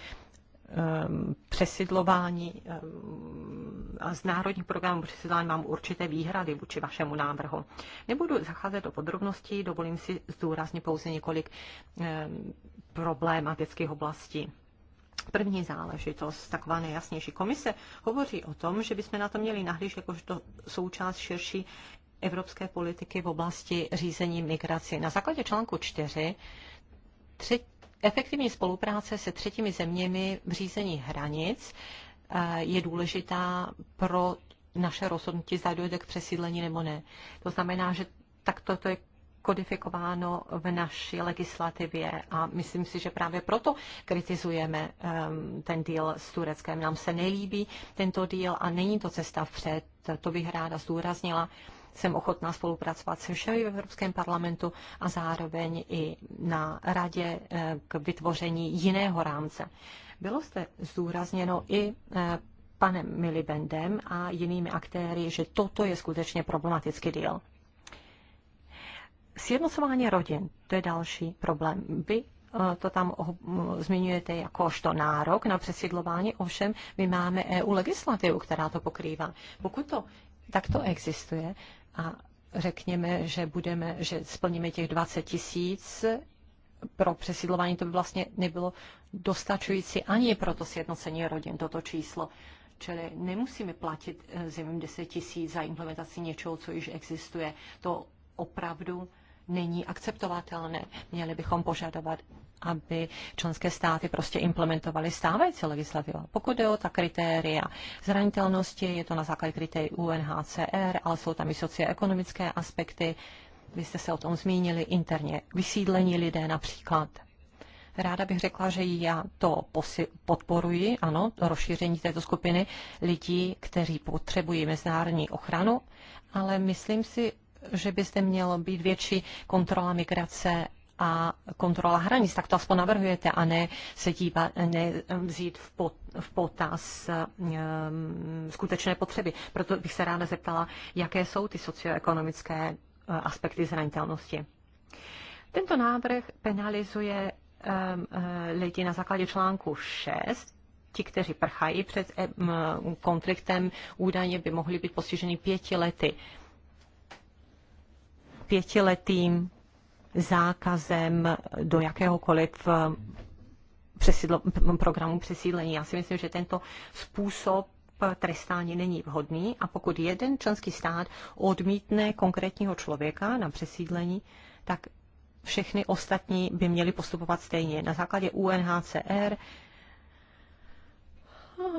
S3: Um, přesidlování um, a z národních programů přesidlování mám určité výhrady vůči vašemu návrhu. Nebudu zacházet do podrobností, dovolím si zdůraznit pouze několik um, problematických oblastí. První záležitost, taková nejasnější komise, hovoří o tom, že bychom na to měli nahlížet jakožto součást širší evropské politiky v oblasti řízení migraci. Na základě článku 4 Efektivní spolupráce se třetími zeměmi v řízení hranic eh, je důležitá pro naše rozhodnutí, zda dojde k přesídlení nebo ne. To znamená, že takto to je kodifikováno v naší legislativě a myslím si, že právě proto kritizujeme um, ten díl s Tureckem. Nám se nelíbí tento díl a není to cesta vpřed. To bych ráda zdůraznila jsem ochotná spolupracovat se všemi v Evropském parlamentu a zároveň i na radě eh, k vytvoření jiného rámce. Bylo jste zdůrazněno i eh, panem Milibendem a jinými aktéry, že toto je skutečně problematický díl. Sjednocování rodin, to je další problém. Vy eh, to tam zmiňujete jakožto nárok na přesidlování, ovšem my máme EU legislativu, která to pokrývá. Pokud to takto existuje, a řekněme, že, budeme, že splníme těch 20 tisíc pro přesídlování, to by vlastně nebylo dostačující ani pro to sjednocení rodin, toto číslo. Čili nemusíme platit eh, zemím 10 tisíc za implementaci něčeho, co již existuje. To opravdu není akceptovatelné. Měli bychom požadovat, aby členské státy prostě implementovaly stávající legislativu. Pokud jde o ta kritéria zranitelnosti, je to na základě kritérií UNHCR, ale jsou tam i socioekonomické aspekty. Vy jste se o tom zmínili interně. Vysídlení lidé například. Ráda bych řekla, že já to podporuji, ano, rozšíření této skupiny lidí, kteří potřebují mezinárodní ochranu, ale myslím si, že by zde mělo být větší kontrola migrace a kontrola hranic, tak to aspoň navrhujete, a ne se dívat, ne eh, vzít v, pot, v potaz um, skutečné potřeby. Proto bych se ráda zeptala, jaké jsou ty socioekonomické uh, aspekty zranitelnosti. Tento návrh penalizuje um, lidi na základě článku 6 ti, kteří prchají před konfliktem, údajně by mohli být postiženi pěti lety pětiletým zákazem do jakéhokoliv eh, přesidlo, programu přesídlení. Já si myslím, že tento způsob trestání není vhodný a pokud jeden členský stát odmítne konkrétního člověka na přesídlení, tak všechny ostatní by měli postupovat stejně. Na základě UNHCR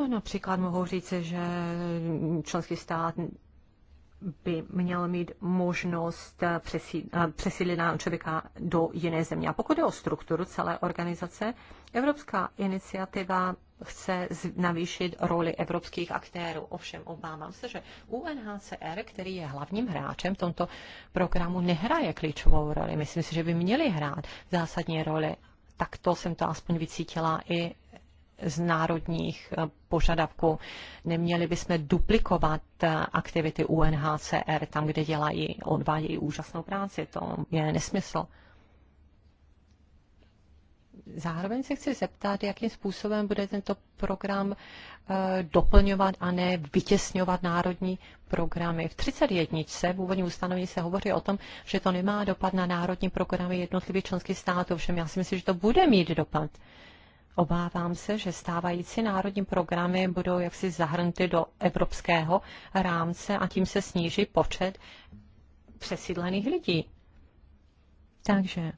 S3: Například mohu říct, že členský stát by měl mít možnost eh, eh, přesídlit nám člověka do jiné země. A pokud je o strukturu celé organizace, Evropská iniciativa chce navýšit roli evropských aktérů. Ovšem obávám se, že UNHCR, který je hlavním hráčem v tomto programu, nehraje klíčovou roli. Myslím si, že by měli hrát zásadní roli. Tak to jsem to aspoň vycítila i z národních eh, požadavků. Neměli bychom duplikovat eh, aktivity UNHCR tam, kde dělají, odvádějí úžasnou práci. To je nesmysl. Zároveň se chci zeptat, jakým způsobem bude tento program eh, doplňovat a ne vytěsňovat národní programy. V 31. v úvodním ustanovení se hovoří o tom, že to nemá dopad na národní programy jednotlivých členských států, všem já si myslím, že to bude mít dopad. Obávám se, že stávající národní programy budou jaksi zahrnuty do evropského rámce a tím se sníží počet přesídlených lidí. Takže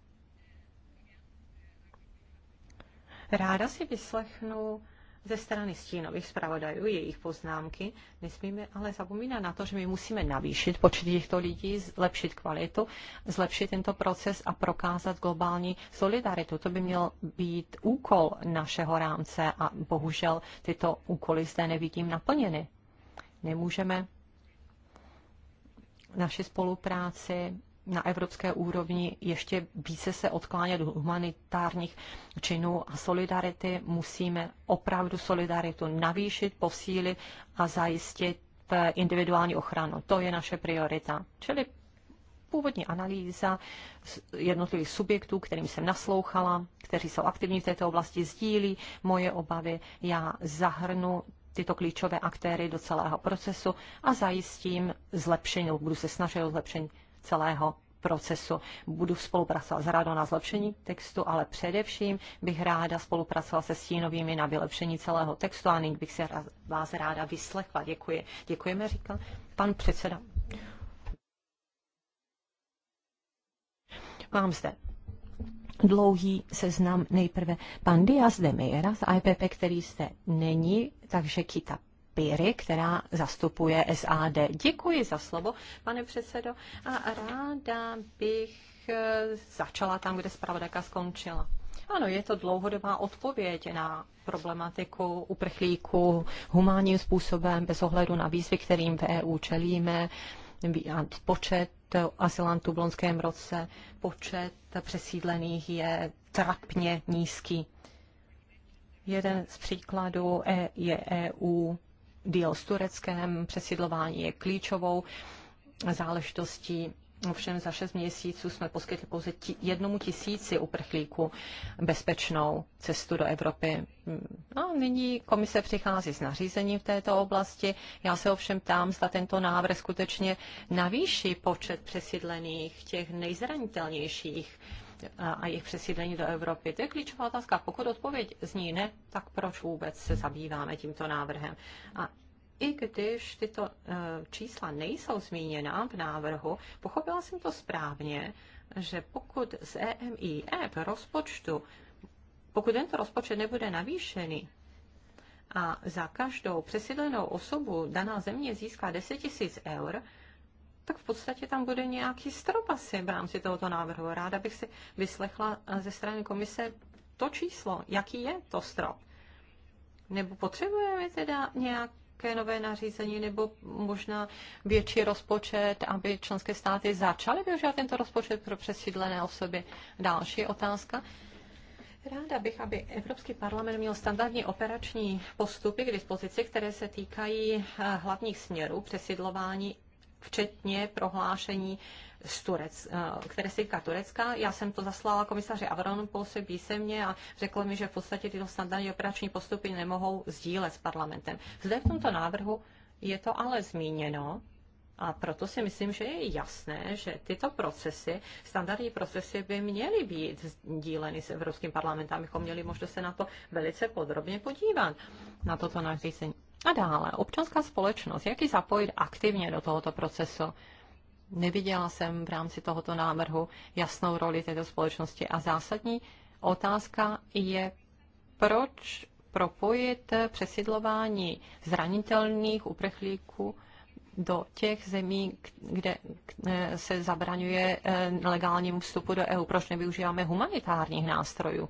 S3: ráda si vyslechnu ze strany stínových zpravodajů, jejich poznámky. Nesmíme ale zapomínat na to, že my musíme navýšit počet těchto lidí, zlepšit kvalitu, zlepšit tento proces a prokázat globální solidaritu. To by měl být úkol našeho rámce a bohužel tyto úkoly zde nevidím naplněny. Nemůžeme naši spolupráci na evropské úrovni ještě více se odklánět do humanitárních činů a solidarity. Musíme opravdu solidaritu navýšit, posílit a zajistit eh, individuální ochranu. To je naše priorita. Čili původní analýza jednotlivých subjektů, kterým jsem naslouchala, kteří jsou aktivní v této oblasti, sdílí moje obavy. Já zahrnu tyto klíčové aktéry do celého procesu a zajistím zlepšení, budu se snažit o zlepšení celého procesu. Budu spolupracovat s Radou na zlepšení textu, ale především bych ráda spolupracovala se stínovými na vylepšení celého textu a nyní bych se vás ráda vyslechla. Děkuji. Děkujeme, říkal pan předseda. Mám zde dlouhý seznam nejprve pan Diaz de Meira z IPP, který zde není, takže Kita Píry, která zastupuje SAD. Děkuji za slovo, pane předsedo, a ráda bych eh, začala tam, kde zpravodajka skončila. Ano, je to dlouhodobá odpověď na problematiku uprchlíků humánním způsobem, bez ohledu na výzvy, kterým v EU čelíme, počet asilantů v loňském roce, počet přesídlených je trapně nízký. Jeden z příkladů e- je EU deal s Tureckem, přesidlování je klíčovou záležitostí. Ovšem za šest měsíců jsme poskytli pouze jednomu tisíci uprchlíků bezpečnou cestu do Evropy. A no, nyní komise přichází s nařízením v této oblasti. Já se ovšem ptám, zda tento návrh skutečně navýší počet přesídlených těch nejzranitelnějších a jejich přesídlení do Evropy. To je klíčová otázka. Pokud odpověď zní ne, tak proč vůbec se zabýváme tímto návrhem? A i když tyto e, čísla nejsou zmíněna v návrhu, pochopila jsem to správně, že pokud z EMIF rozpočtu, pokud tento rozpočet nebude navýšený, a za každou přesídlenou osobu daná země získá 10 000 eur, tak v podstatě tam bude nějaký strop asi v rámci tohoto návrhu. Ráda bych si vyslechla eh, ze strany komise to číslo, jaký je to strop. Nebo potřebujeme teda nějak nějaké nové nařízení nebo možná větší rozpočet, aby členské státy začaly využívat tento rozpočet pro přesídlené osoby? Další otázka. Ráda bych, aby Evropský parlament měl standardní operační postupy k dispozici, které se týkají eh, hlavních směrů přesidlování včetně prohlášení z Turec, eh, které se týká Turecka. Já jsem to zaslala komisaři Avranopoulosi písemně a řekl mi, že v podstatě tyto standardní operační postupy nemohou sdílet s parlamentem. Zde v tomto návrhu je to ale zmíněno, a proto si myslím, že je jasné, že tyto procesy, standardní procesy by měly být sdíleny s Evropským parlamentem, abychom měli možnost se na to velice podrobně podívat, na toto nařízení. A dále, občanská společnost, jak ji zapojit aktivně do tohoto procesu? Neviděla jsem v rámci tohoto návrhu jasnou roli této společnosti. A zásadní otázka je, proč propojit přesidlování zranitelných uprchlíků do těch zemí, kde se zabraňuje eh, legálnímu vstupu do EU. Proč nevyužíváme humanitárních nástrojů,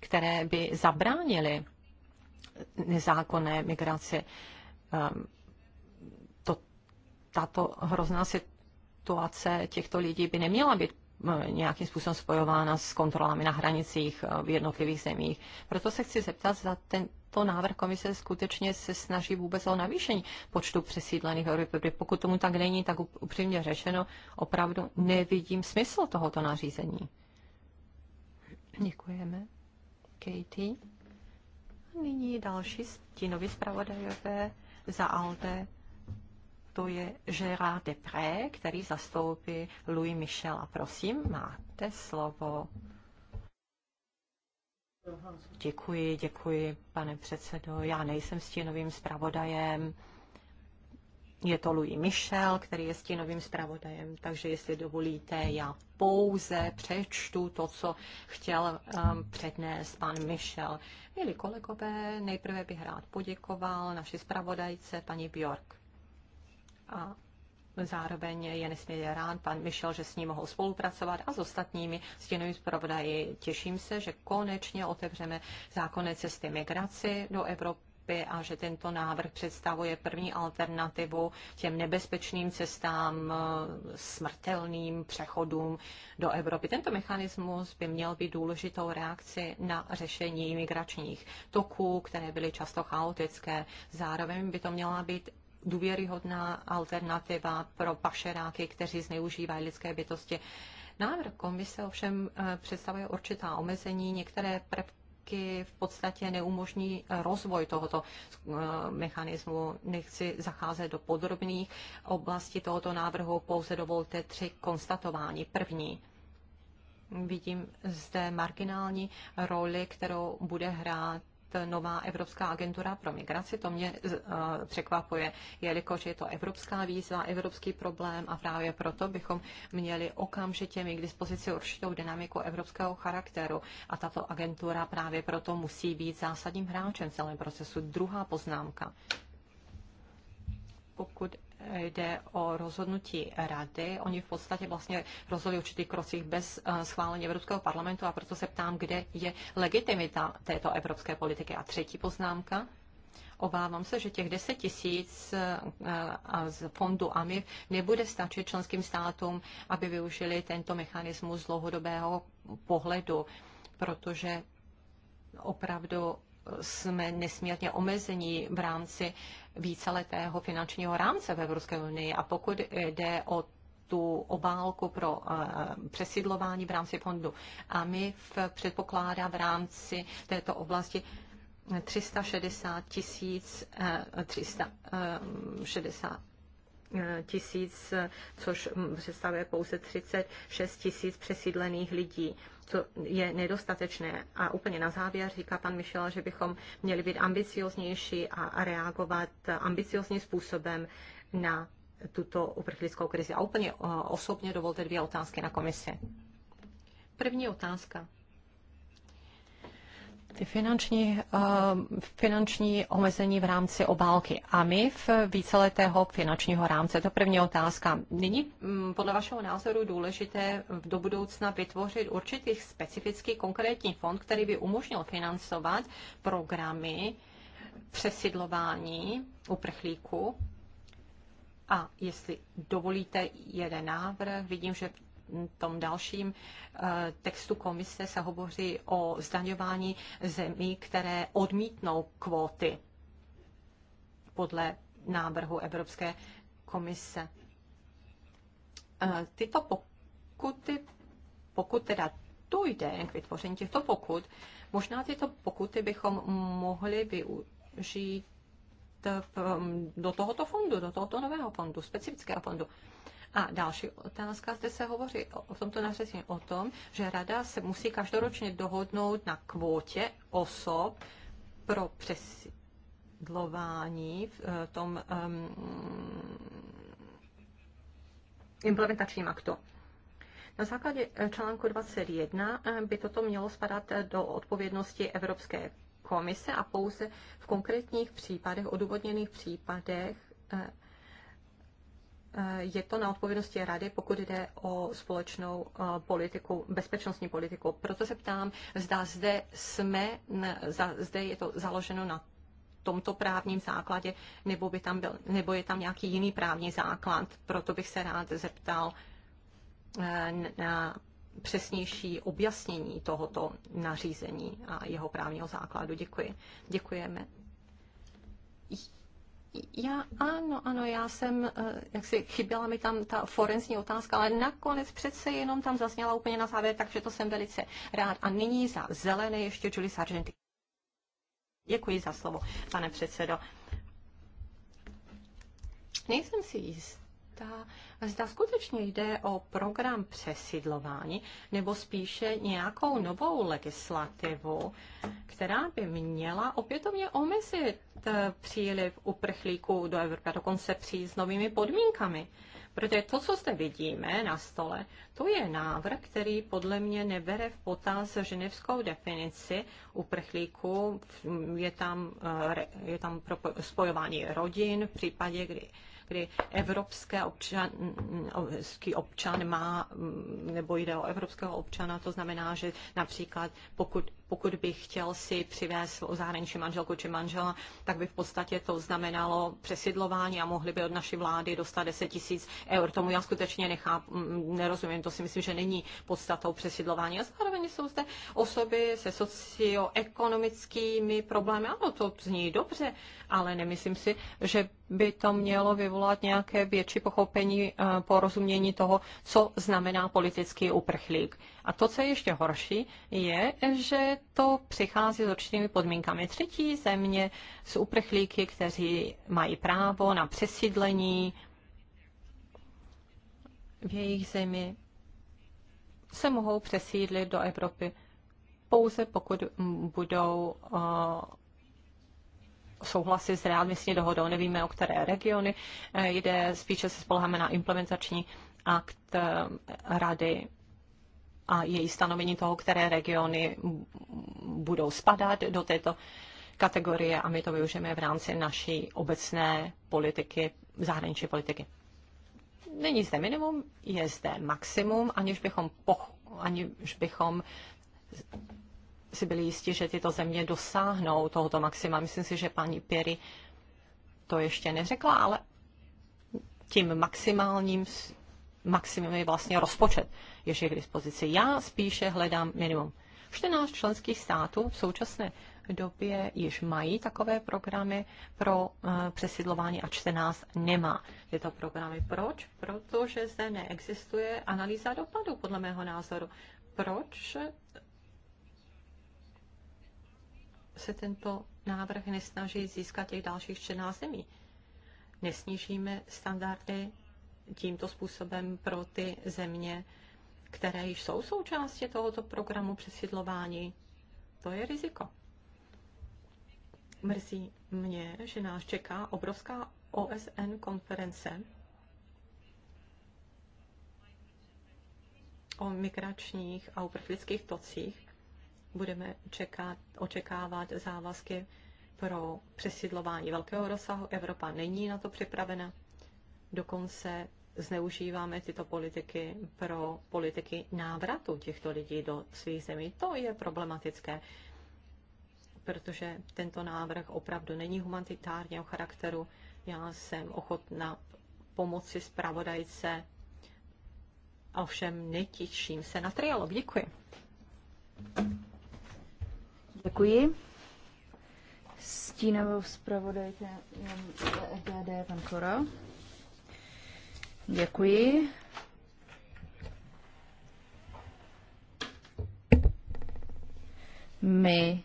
S3: které by zabránily nezákonné migraci. Ehm, to, tato hrozná situace těchto lidí by neměla být ehm, nějakým způsobem spojována s kontrolami na hranicích ehm, v jednotlivých zemích. Proto se chci zeptat, za tento návrh komise skutečně se snaží vůbec o navýšení počtu přesídlených Evropy. Pokud tomu tak není, tak upřímně řešeno, opravdu nevidím smysl tohoto nařízení. Děkujeme. Katie? Nyní další stínový zpravodajové za ALDE. To je Gérard Depré, který zastoupí Louis A Prosím, máte slovo. Děkuji, děkuji, pane předsedo. Já nejsem stínovým zpravodajem je to Louis Michel, který je stínovým zpravodajem, takže jestli dovolíte, já pouze přečtu to, co chtěl um, přednést pan Michel. Měli kolegové, nejprve bych rád poděkoval naši zpravodajce paní Bjork. A Zároveň je nesmírně rád pan Michel, že s ním mohou spolupracovat a s ostatními stěnovými zpravodaji. Těším se, že konečně otevřeme zákonné cesty migraci do Evropy Evropy a že tento návrh představuje první alternativu těm nebezpečným cestám, eh, smrtelným přechodům do Evropy. Tento mechanismus by měl být důležitou reakci na řešení migračních toků, které byly často chaotické. Zároveň by to měla být důvěryhodná alternativa pro pašeráky, kteří zneužívají lidské bytosti. Návrh komise ovšem eh, představuje určitá omezení, některé prvky taky v podstatě neumožní eh, rozvoj tohoto eh, mechanismu. Nechci zacházet do podrobných oblastí tohoto návrhu, pouze dovolte tři konstatování. První, vidím zde marginální roli, kterou bude hrát nová Evropská agentura pro migraci. To mě eh, překvapuje, jelikož je to evropská výzva, evropský problém a právě proto bychom měli okamžitě mít k dispozici určitou dynamiku evropského charakteru a tato agentura právě proto musí být zásadním hráčem celém procesu. Druhá poznámka. Pokud jde o rozhodnutí rady. Oni v podstatě vlastně rozhodli určitých krocích bez eh, schválení Evropského parlamentu a proto se ptám, kde je legitimita této evropské politiky. A třetí poznámka. Obávám se, že těch 10 tisíc eh, z fondu AMI nebude stačit členským státům, aby využili tento mechanismus dlouhodobého pohledu, protože opravdu jsme nesmírně omezení v rámci víceletého finančního rámce v Evropské unii. A pokud jde o tu obálku pro eh, přesidlování v rámci fondu v, předpokládá v rámci této oblasti 360 tisíc, 360 eh, eh, tisíc, což hm, představuje pouze 36 tisíc přesídlených lidí. Co je nedostatečné. A úplně na závěr říká pan Michel, že bychom měli být ambicioznější a reagovat ambiciozním způsobem na tuto uprchlickou krizi. A úplně eh, osobně dovolte dvě otázky na komisi. První otázka ty finanční, eh, finanční omezení v rámci obálky a v víceletého finančního rámce. To první otázka. Není mm, podle vašeho názoru důležité do budoucna vytvořit určitý specifický konkrétní fond, který by umožnil financovat programy přesidlování uprchlíků a jestli dovolíte jeden návrh, vidím, že tom dalším eh, textu komise se hovoří o zdaňování zemí, které odmítnou kvóty podle návrhu Evropské komise. Eh, tyto pokuty, pokud teda dojde k vytvoření těchto pokut, možná tyto pokuty bychom mohli využít eh, do tohoto fondu, do tohoto nového fondu, specifického fondu. A další otázka, zde se hovoří o, tomto nařízení o tom, že rada se musí každoročně dohodnout na kvótě osob pro přesídlování v eh, tom um, implementačním aktu. Na základě eh, článku 21 eh, by toto mělo spadat do odpovědnosti Evropské komise a pouze v konkrétních případech, odůvodněných případech Eh, je to na odpovědnosti rady, pokud jde o společnou eh, politiku, bezpečnostní politiku. Proto se ptám, zda zde jsme, zde je to založeno na tomto právním základě, nebo, by tam byl, nebo je tam nějaký jiný právní základ. Proto bych se rád zeptal eh, na přesnější objasnění tohoto nařízení a jeho právního základu. Děkuji. Děkujeme. Já ano, ano, já jsem, eh, jak si chyběla mi tam ta forenzní otázka, ale nakonec přece jenom tam zazněla úplně na závěr, takže to jsem velice rád. A nyní za zelené ještě Julie Sargenty. Děkuji za slovo, pane předsedo. Nejsem si jistá, zda skutečně jde o program přesidlování nebo spíše nějakou novou legislativu, která by měla opětovně omezit eh, příliv uprchlíků do Evropy, a dokonce přijít s novými podmínkami. Protože to, co zde vidíme na stole, to je návrh, který podle mě nebere v potaz ženevskou definici uprchlíků. Je tam, eh, je tam spojování rodin v případě, kdy kdy evropské občan, evropský občan má, nebo jde o evropského občana, to znamená, že například pokud pokud bych chtěl si přivést o zahraniční manželku či manžela, tak by v podstatě to znamenalo přesidlování a mohli by od naší vlády dostat 10 tisíc eur. Tomu já skutečně nechápu, mm, nerozumím, to si myslím, že není podstatou přesidlování. A zároveň jsou zde osoby se socioekonomickými problémy. Ano, to zní dobře, ale nemyslím si, že by to mělo vyvolat nějaké větší pochopení, eh, porozumění toho, co znamená politický uprchlík. A to, co je ještě horší, je, že to přichází s určitými podmínkami. Třetí země s uprchlíky, kteří mají právo na přesídlení v jejich zemi, se mohou přesídlit do Evropy pouze pokud budou uh, s readmisní dohodou. Nevíme, o které regiony eh, jde, spíše se spoleháme na implementační akt eh, rady a její stanovení toho, které regiony budou spadat do této kategorie a my to využijeme v rámci naší obecné politiky, zahraniční politiky. Není zde minimum, je zde maximum, aniž bychom, poch, aniž bychom si byli jistí, že tyto země dosáhnou tohoto maxima. Myslím si, že paní Pěry to ještě neřekla, ale tím maximálním maximum je vlastně rozpočet, jež je k dispozici. Já spíše hledám minimum. 14 členských států v současné době již mají takové programy pro eh, přesidlování a 14 nemá tyto programy. Proč? Protože zde neexistuje analýza dopadu, podle mého názoru. Proč se tento návrh nesnaží získat těch dalších 14 zemí? Nesnížíme standardy tímto způsobem pro ty země, které již jsou součástí tohoto programu přesidlování. To je riziko. Mrzí mě, že nás čeká obrovská OSN konference o migračních a uprchlických tocích. Budeme čekat, očekávat závazky pro přesidlování velkého rozsahu. Evropa není na to připravena dokonce zneužíváme tyto politiky pro politiky návratu těchto lidí do svých zemí. To je problematické, protože tento návrh opravdu není humanitárního charakteru. Já jsem ochotna pomoci zpravodajce, ovšem netěším se na trialog. Děkuji.
S1: Děkuji. Stínovou zpravodajte EDD, pan Koro. Děkuji. My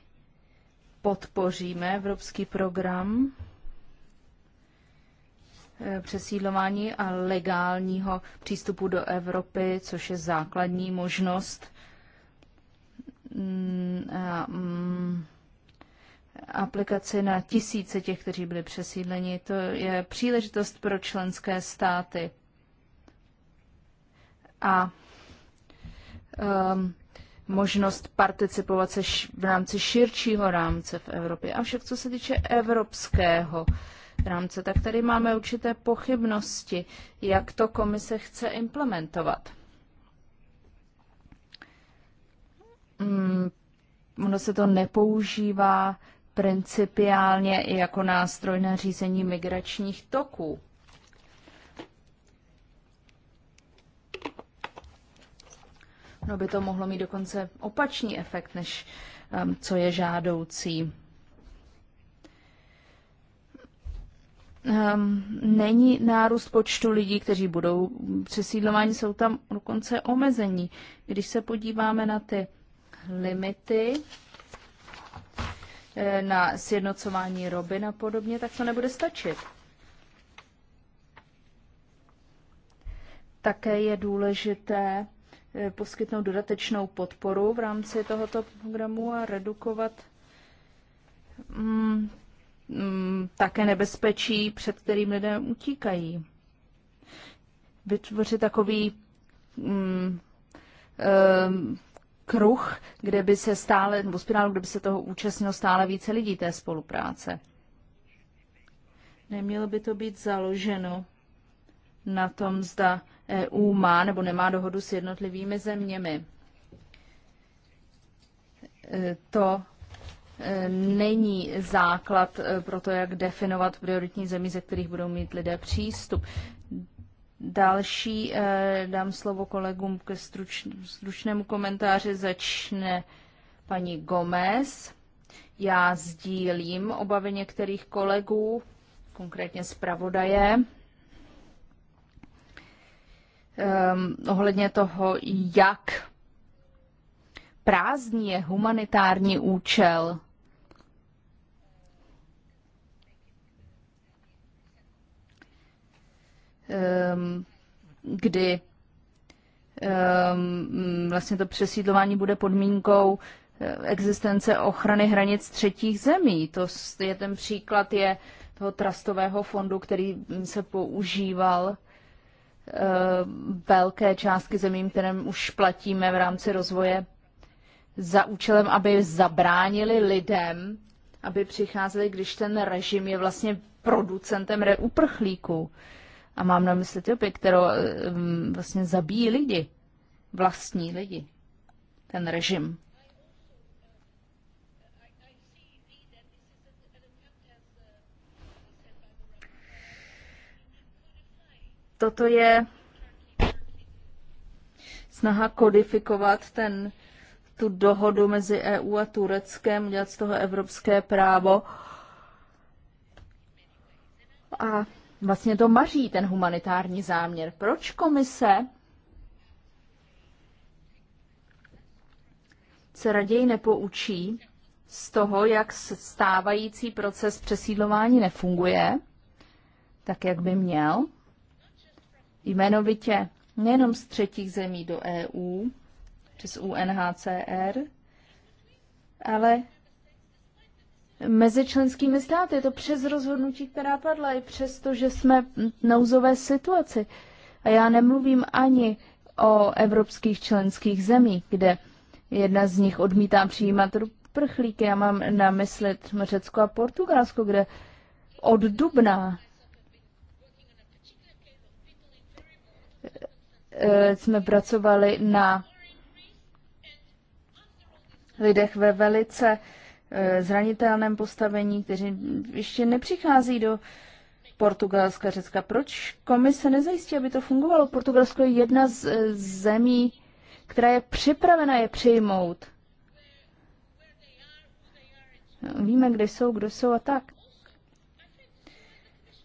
S1: podpoříme evropský program eh, přesídlování a legálního přístupu do Evropy, což je základní možnost mm, mm, aplikaci na tisíce těch, kteří byli přesídleni. To je příležitost pro členské státy a um, možnost participovat se v rámci širšího rámce v Evropě. A však co se týče evropského rámce, tak tady máme určité pochybnosti, jak to komise chce implementovat. Mm, ono se to nepoužívá principiálně i jako nástroj na řízení migračních toků. No by to mohlo mít dokonce opačný efekt, než um, co je žádoucí. Um, není nárůst počtu lidí, kteří budou přesídlování, jsou tam dokonce omezení. Když se podíváme na ty limity, eh, na sjednocování robin a podobně, tak to nebude stačit. Také je důležité Eh, poskytnout dodatečnou podporu v rámci tohoto programu a redukovat mm, mm, také nebezpečí, před kterým lidé utíkají. Vytvořit takový mm, mm, kruh, kde by se stále, nebo spirálu, kde by se toho účastnilo stále více lidí té spolupráce. Nemělo by to být založeno na tom, zda EU má nebo nemá dohodu s jednotlivými zeměmi. E, to e, není základ e, pro to, jak definovat prioritní zemí, ze kterých budou mít lidé přístup. Další dám slovo kolegům ke stručnému komentáři. Začne paní Gomez. Já sdílím obavy některých kolegů, konkrétně zpravodaje, um, ohledně toho, jak prázdný je humanitární účel um, kdy um, vlastně to přesídlování bude podmínkou eh, existence ochrany hranic třetích zemí. To je ten příklad je toho trastového fondu, který se používal Eh, velké částky zemím, kterým už platíme v rámci rozvoje, za účelem, aby zabránili lidem, aby přicházeli, když ten režim je vlastně producentem uprchlíků. A mám na mysli ty opět, kterou eh, vlastně zabíjí lidi, vlastní lidi, ten režim. toto je snaha kodifikovat ten, tu dohodu mezi EU a Tureckem, dělat z toho evropské právo. A vlastně to maří ten humanitární záměr. Proč komise se raději nepoučí z toho, jak stávající proces přesídlování nefunguje, tak jak by měl? jmenovitě nejenom z třetích zemí do EU, přes UNHCR, ale mezi členskými státy. Je to přes rozhodnutí, která padla, i přes to, že jsme v nouzové situaci. A já nemluvím ani o evropských členských zemích, kde jedna z nich odmítá přijímat prchlíky. Já mám na mysli Řecko a Portugalsko, kde od dubna Eh, jsme pracovali na lidech ve velice eh, zranitelném postavení, kteří ještě nepřichází do Portugalska, Řecka. Proč komise nezajistí, aby to fungovalo? Portugalsko je jedna z eh, zemí, která je připravena je přijmout. Víme, kde jsou, kdo jsou a tak.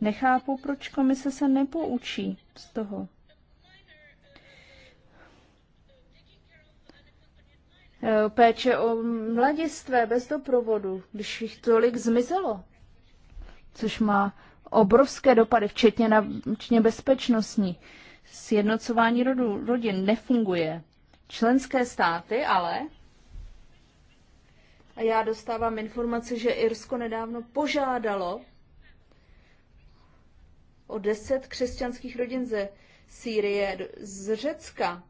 S1: Nechápu, proč komise se nepoučí z toho. Eh, péče o mladistvé bez doprovodu, když jich tolik zmizelo, což má obrovské dopady, včetně, na, včetně bezpečnostní. Sjednocování rodu, rodin nefunguje. Členské státy ale, a já dostávám informace, že Irsko nedávno požádalo o deset křesťanských rodin ze Sýrie, z Řecka,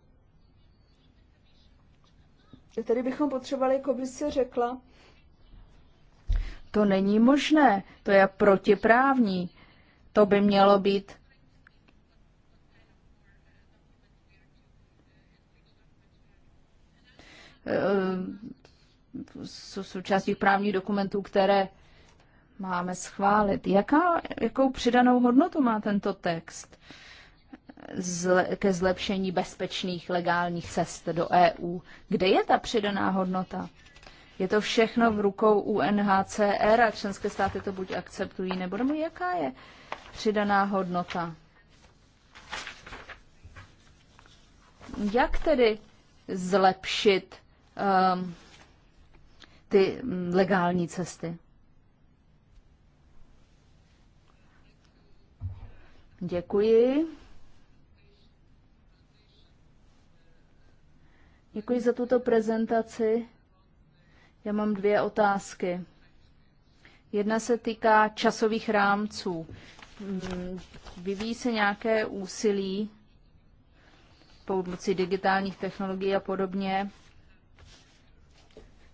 S1: Tady bychom potřebovali, jako si řekla, to není možné, to je protiprávní. To by mělo být eh, součástí právních dokumentů, které máme schválit. Jaká, jakou přidanou hodnotu má tento text? ke zlepšení bezpečných legálních cest do EU. Kde je ta přidaná hodnota? Je to všechno v rukou UNHCR a členské státy to buď akceptují, nebo nebo jaká je přidaná hodnota? Jak tedy zlepšit um, ty mm, legální cesty? Děkuji. Děkuji za tuto prezentaci. Já mám dvě otázky. Jedna se týká časových rámců. Mm, vyvíjí se nějaké úsilí pomocí digitálních technologií a podobně,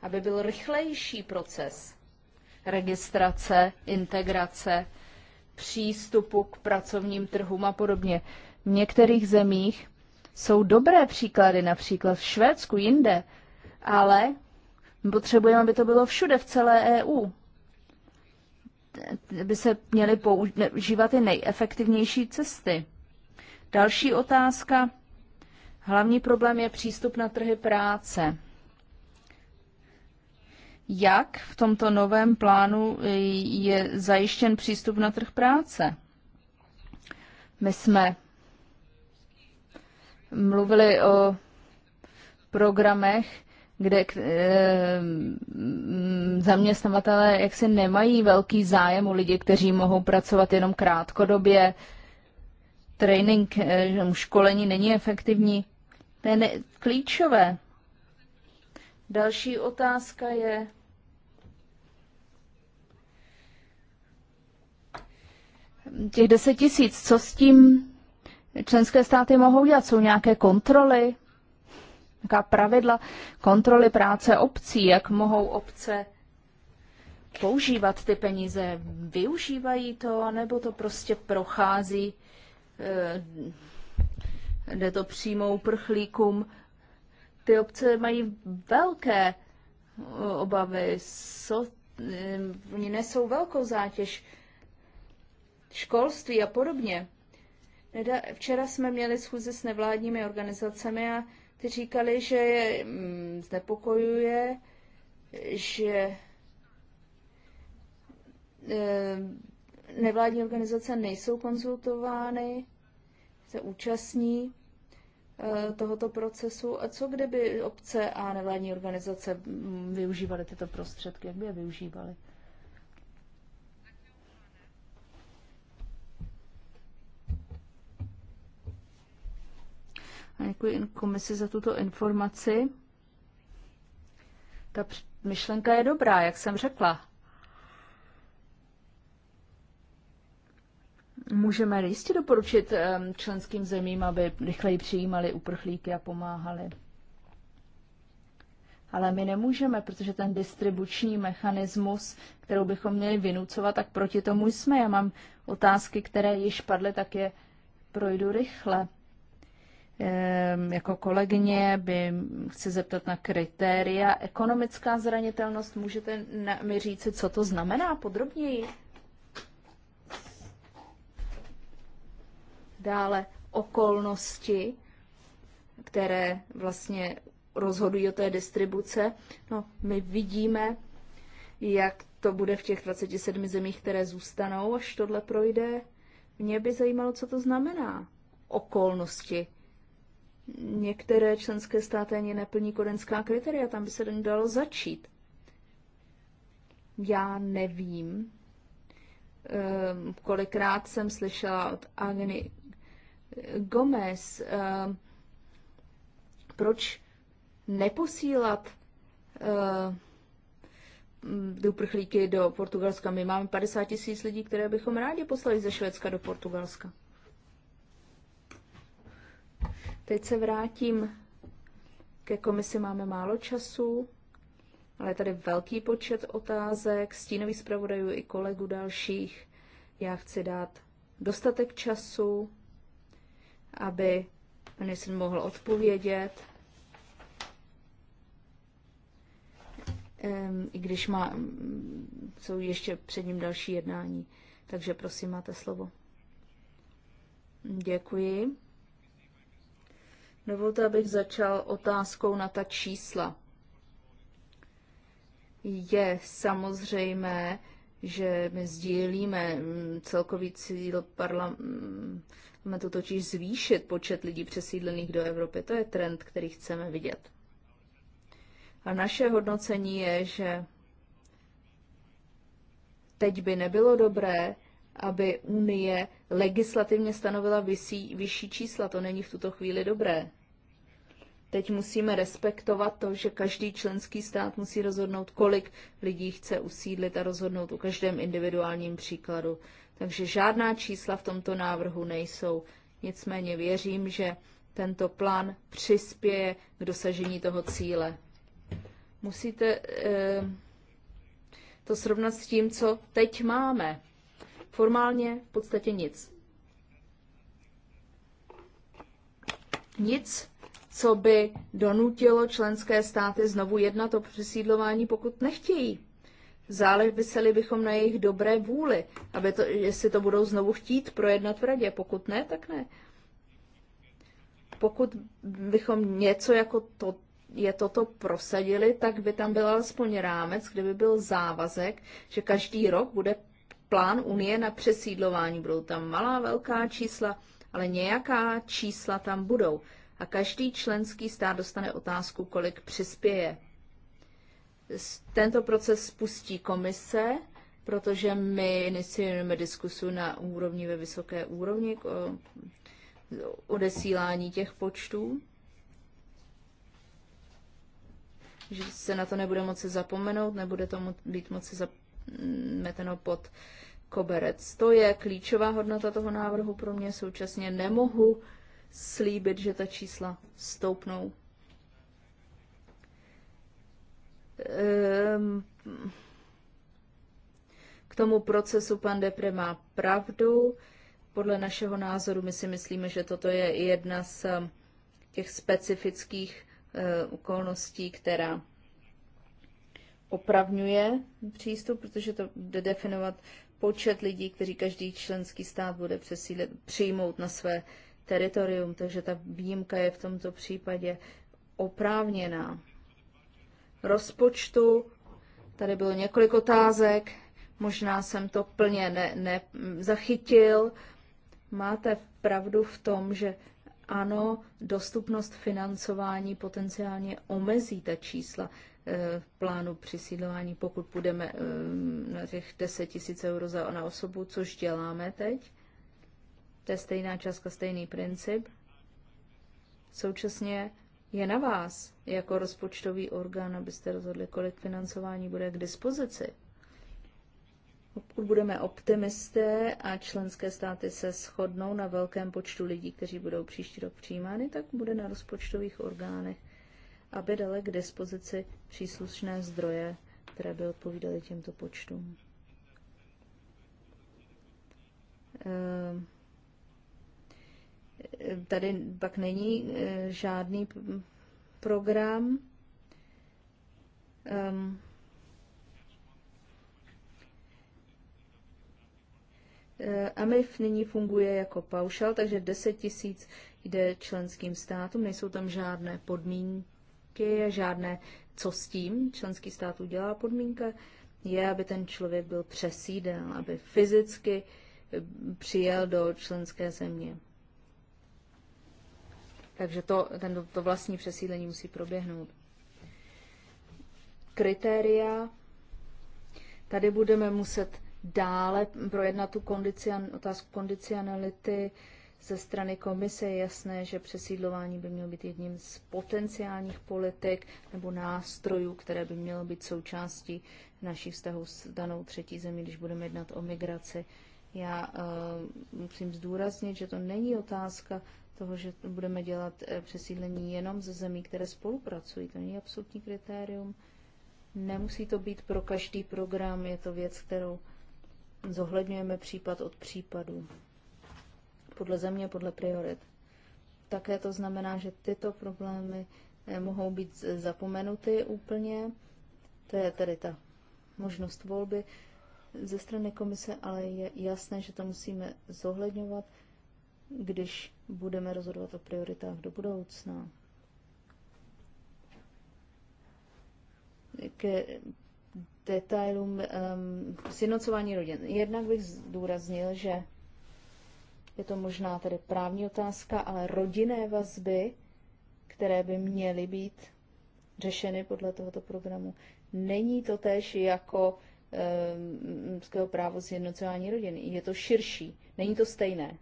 S1: aby byl rychlejší proces registrace, integrace, přístupu k pracovním trhům a podobně. V některých zemích jsou dobré příklady, například v Švédsku, jinde, ale potřebujeme, aby to bylo všude, v celé EU. By se měly používat i nejefektivnější cesty. Další otázka. Hlavní problém je přístup na trhy práce. Jak v tomto novém plánu je zajištěn přístup na trh práce? My jsme mluvili o programech, kde e, eh, mm, zaměstnavatele jaksi nemají velký zájem u lidi, kteří mohou pracovat jenom krátkodobě. Training, e, eh, školení není efektivní. To je ne- klíčové. Další otázka je, těch 10 tisíc, co s tím členské státy mohou dělat? Jsou nějaké kontroly? Jaká pravidla kontroly práce obcí? Jak mohou obce používat ty peníze? Využívají to, nebo to prostě prochází? Eh, jde to přímo uprchlíkům? Ty obce mají velké eh, obavy. So, eh, oni nesou velkou zátěž školství a podobně. Včera jsme měli schůzi s nevládními organizacemi a ty říkali, že je mm, znepokojuje, že eh, nevládní organizace nejsou konzultovány, se účastní eh, tohoto procesu. A co kdyby obce a nevládní organizace mm, využívaly tyto prostředky? Jak by je využívaly? A děkuji komisi za tuto informaci. Ta myšlenka je dobrá, jak jsem řekla. Můžeme jistě doporučit členským zemím, aby rychleji přijímali uprchlíky a pomáhali. Ale my nemůžeme, protože ten distribuční mechanismus, kterou bychom měli vynucovat, tak proti tomu jsme. Já mám otázky, které již padly, tak je projdu rychle jako kolegyně by chci zeptat na kritéria. Ekonomická zranitelnost, můžete mi říci, co to znamená podrobněji? Dále okolnosti, které vlastně rozhodují o té distribuce. No, my vidíme, jak to bude v těch 27 zemích, které zůstanou, až tohle projde. Mě by zajímalo, co to znamená okolnosti Některé členské státy ani neplní kodenská kritéria, tam by se dalo začít. Já nevím, ehm, kolikrát jsem slyšela od Agny Gomez, ehm, proč neposílat ehm, uprchlíky do Portugalska. My máme 50 tisíc lidí, které bychom rádi poslali ze Švédska do Portugalska. Teď se vrátím ke komisi. Máme málo času, ale je tady velký počet otázek, stínových zpravodajů i kolegů dalších. Já chci dát dostatek času, aby ministr mohl odpovědět. I když má, jsou ještě před ním další jednání. Takže prosím, máte slovo. Děkuji. Dovolte, abych začal otázkou na ta čísla. Je samozřejmé, že my sdílíme mm, celkový cíl parlamentu, totiž zvýšit počet lidí přesídlených do Evropy. To je trend, který chceme vidět. A naše hodnocení je, že teď by nebylo dobré aby Unie legislativně stanovila vysí, vyšší čísla. To není v tuto chvíli dobré. Teď musíme respektovat to, že každý členský stát musí rozhodnout, kolik lidí chce usídlit a rozhodnout o každém individuálním příkladu. Takže žádná čísla v tomto návrhu nejsou. Nicméně věřím, že tento plán přispěje k dosažení toho cíle. Musíte eh, to srovnat s tím, co teď máme. Formálně v podstatě nic. Nic, co by donutilo členské státy znovu jednat o přesídlování, pokud nechtějí. Záleviseli bychom na jejich dobré vůli, aby to, jestli to budou znovu chtít projednat v radě. Pokud ne, tak ne. Pokud bychom něco jako to, je toto prosadili, tak by tam byl alespoň rámec, kde by byl závazek, že každý rok bude plán Unie na přesídlování. Budou tam malá, velká čísla, ale nějaká čísla tam budou. A každý členský stát dostane otázku, kolik přispěje. Tento proces spustí komise, protože my iniciujeme diskusu na úrovni ve vysoké úrovni o odesílání těch počtů. Že se na to nebude moci zapomenout, nebude to být moci zapomenout meteno pod koberec. To je klíčová hodnota toho návrhu pro mě. Současně nemohu slíbit, že ta čísla stoupnou. Ehm, k tomu procesu pan Depre má pravdu. Podle našeho názoru my si myslíme, že toto je jedna z eh, těch specifických eh, okolností, která opravňuje přístup, protože to bude definovat počet lidí, kteří každý členský stát bude přesílet, přijmout na své teritorium, takže ta výjimka je v tomto případě oprávněná. Rozpočtu, tady bylo několik otázek, možná jsem to plně nezachytil. Ne, hm, Máte pravdu v tom, že ano, dostupnost financování potenciálně omezí ta čísla eh, plánu přisídlování, pokud budeme eh, na těch 10 000 euro za na osobu, což děláme teď. To je stejná částka, stejný princip. Současně je na vás, jako rozpočtový orgán, abyste rozhodli, kolik financování bude k dispozici. Pokud budeme optimisté a členské státy se shodnou na velkém počtu lidí, kteří budou příští rok přijímány, tak bude na rozpočtových orgánech, aby dali k dispozici příslušné zdroje, které by odpovídaly těmto počtům. Ehm, tady pak není ehm, žádný program. Ehm, Eh, AMIF nyní funguje jako paušal, takže 10 tisíc jde členským státům, nejsou tam žádné podmínky, žádné co s tím členský stát udělá podmínka, je, aby ten člověk byl přesídel, aby fyzicky eh, přijel do členské země. Takže to, ten, to vlastní přesídlení musí proběhnout. Kritéria. Tady budeme muset dále projednat tu kondicion, otázku kondicionality ze strany komise. Je jasné, že přesídlování by mělo být jedním z potenciálních politik nebo nástrojů, které by mělo být součástí našich vztahů s danou třetí zemí, když budeme jednat o migraci. Já uh, musím zdůraznit, že to není otázka toho, že budeme dělat eh, přesídlení jenom ze zemí, které spolupracují. To není absolutní kritérium. Nemusí to být pro každý program, je to věc, kterou Zohledňujeme případ od případu. Podle země, podle priorit. Také to znamená, že tyto problémy eh, mohou být zapomenuty úplně. To je tedy ta možnost volby ze strany komise, ale je jasné, že to musíme zohledňovat, když budeme rozhodovat o prioritách do budoucna detailům um, sjednocování rodin. Jednak bych zdůraznil, že je to možná tedy právní otázka, ale rodinné vazby, které by měly být řešeny podle tohoto programu, není to též jako um, právo sjednocování rodin. Je to širší, není to stejné.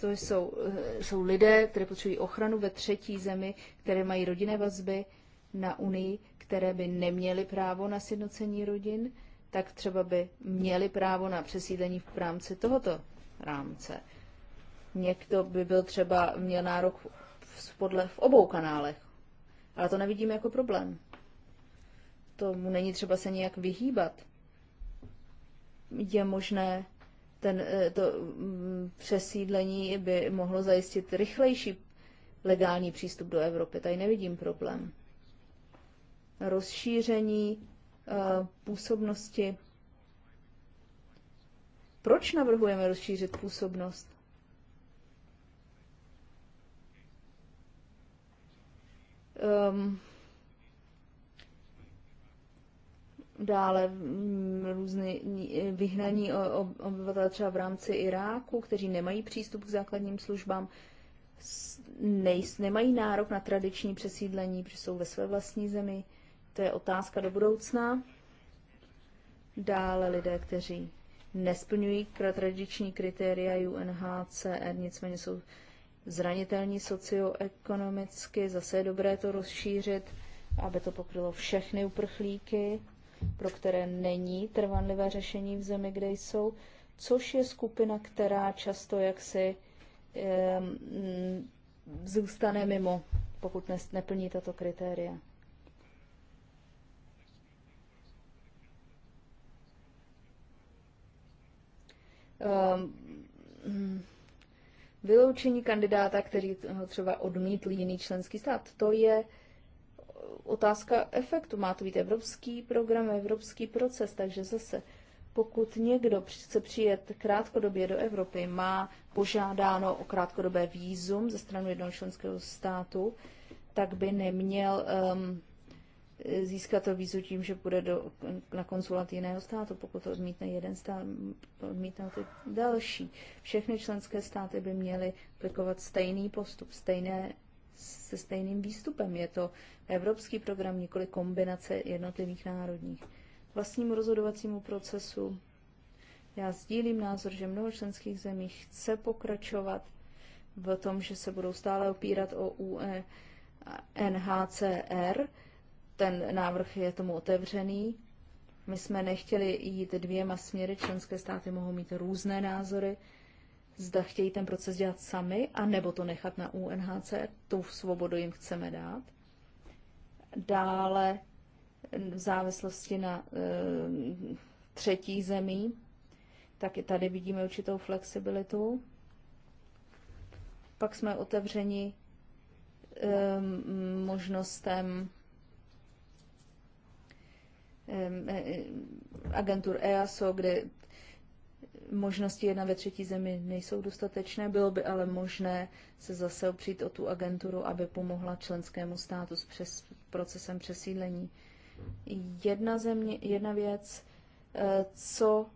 S1: To jsou, eh, jsou lidé, které potřebují ochranu ve třetí zemi, které mají rodinné vazby, na Unii, které by neměly právo na sjednocení rodin, tak třeba by měli právo na přesídlení v rámci tohoto rámce. Někdo by byl třeba měl nárok v, podle, v obou kanálech, ale to nevidím jako problém. Tomu není třeba se nějak vyhýbat. Je možné, ten, eh, to mm, přesídlení by mohlo zajistit rychlejší legální přístup do Evropy. Tady nevidím problém rozšíření eh, působnosti. Proč navrhujeme rozšířit působnost? Um, dále mm, různé mm, vyhnaní obyvatel třeba v rámci Iráku, kteří nemají přístup k základním službám, nemají nárok na tradiční přesídlení, protože jsou ve své vlastní zemi. To je otázka do budoucna. Dále lidé, kteří nesplňují tradiční kritéria UNHCR, nicméně jsou zranitelní socioekonomicky. Zase je dobré to rozšířit, aby to pokrylo všechny uprchlíky, pro které není trvanlivé řešení v zemi, kde jsou, což je skupina, která často jaksi zůstane mimo, pokud neplní tato kritéria. Ehm, hm, vyloučení kandidáta, který třeba odmítl jiný členský stát. To je otázka efektu. Má to být evropský program, evropský proces, takže zase pokud někdo chce přijet krátkodobě do Evropy, má požádáno o krátkodobé výzum ze strany jednoho členského státu, tak by neměl um, získá to vízu tím, že půjde do, na konzulat jiného státu. Pokud to odmítne jeden stát, to ty další. Všechny členské státy by měly aplikovat stejný postup, stejné, se stejným výstupem. Je to evropský program, nikoli kombinace jednotlivých národních. Vlastnímu rozhodovacímu procesu já sdílím názor, že mnoho členských zemí chce pokračovat v tom, že se budou stále opírat o UE, ten návrh je tomu otevřený. My jsme nechtěli jít dvěma směry, členské státy mohou mít různé názory, zda chtějí ten proces dělat sami, anebo to nechat na UNHCR, tu svobodu jim chceme dát. Dále v závislosti na e, třetí zemí, tak i tady vidíme určitou flexibilitu. Pak jsme otevřeni e, možnostem E, e, agentur EASO, kde možnosti jedna ve třetí zemi nejsou dostatečné, bylo by ale možné se zase opřít o tu agenturu, aby pomohla členskému státu s přes, procesem přesídlení. Jedna, země, jedna věc, e, co,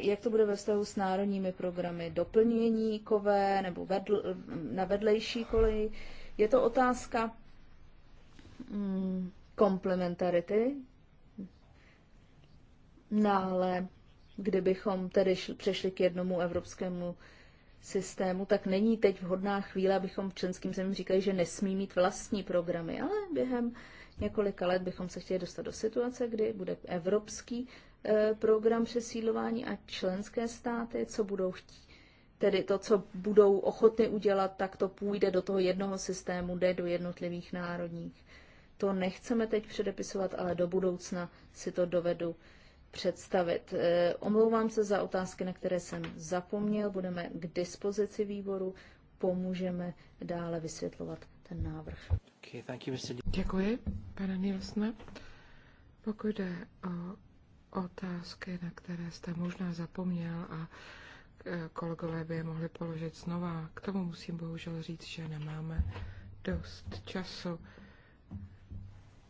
S1: jak to bude ve vztahu s národními programy, doplnění kové nebo vedl, na vedlejší koleji, je to otázka, hmm, komplementarity. No ale kdybychom tedy přešli k jednomu evropskému systému, tak není teď vhodná chvíle, abychom členským zemím říkali, že nesmí mít vlastní programy, ale během několika let bychom se chtěli dostat do situace, kdy bude evropský eh, program přesídlování a členské státy, co budou chtít, tedy to, co budou ochotny udělat, tak to půjde do toho jednoho systému, jde do jednotlivých národních to nechceme teď předepisovat, ale do budoucna si to dovedu představit. Eh, omlouvám se za otázky, na které jsem zapomněl. Budeme k dispozici výboru, pomůžeme dále vysvětlovat ten návrh. Děkuji, pane Nilsne.
S2: Pokud jde o otázky, na které jste možná zapomněl a eh, kolegové by je mohli položit znova, k tomu musím bohužel říct, že nemáme dost času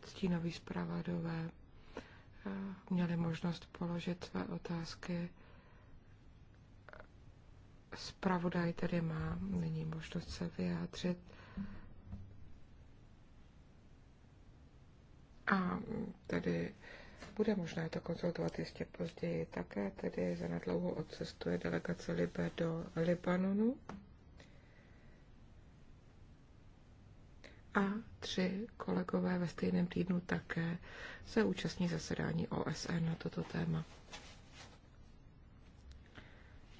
S2: stínoví zpravodové eh, měli možnost položit své otázky. Spravodaj tedy má nyní možnost se vyjádřit. A tedy bude možné to konzultovat ještě později. Také tedy zanedlouho odcestuje delegace Libe do Libanonu. a tři kolegové ve stejném týdnu také se účastní zasedání OSN na toto téma.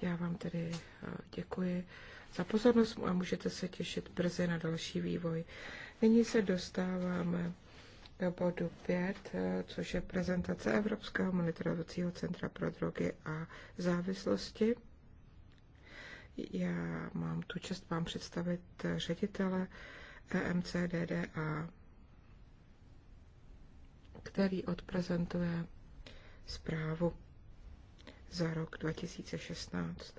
S2: Já vám tedy eh, děkuji za pozornost a můžete se těšit brzy na další vývoj. Nyní se dostáváme do bodu 5, eh, což je prezentace Evropského monitorovacího centra pro drogy a závislosti. Já mám tu čest vám představit eh, ředitele TMC který odprezentuje zprávu za rok 2016.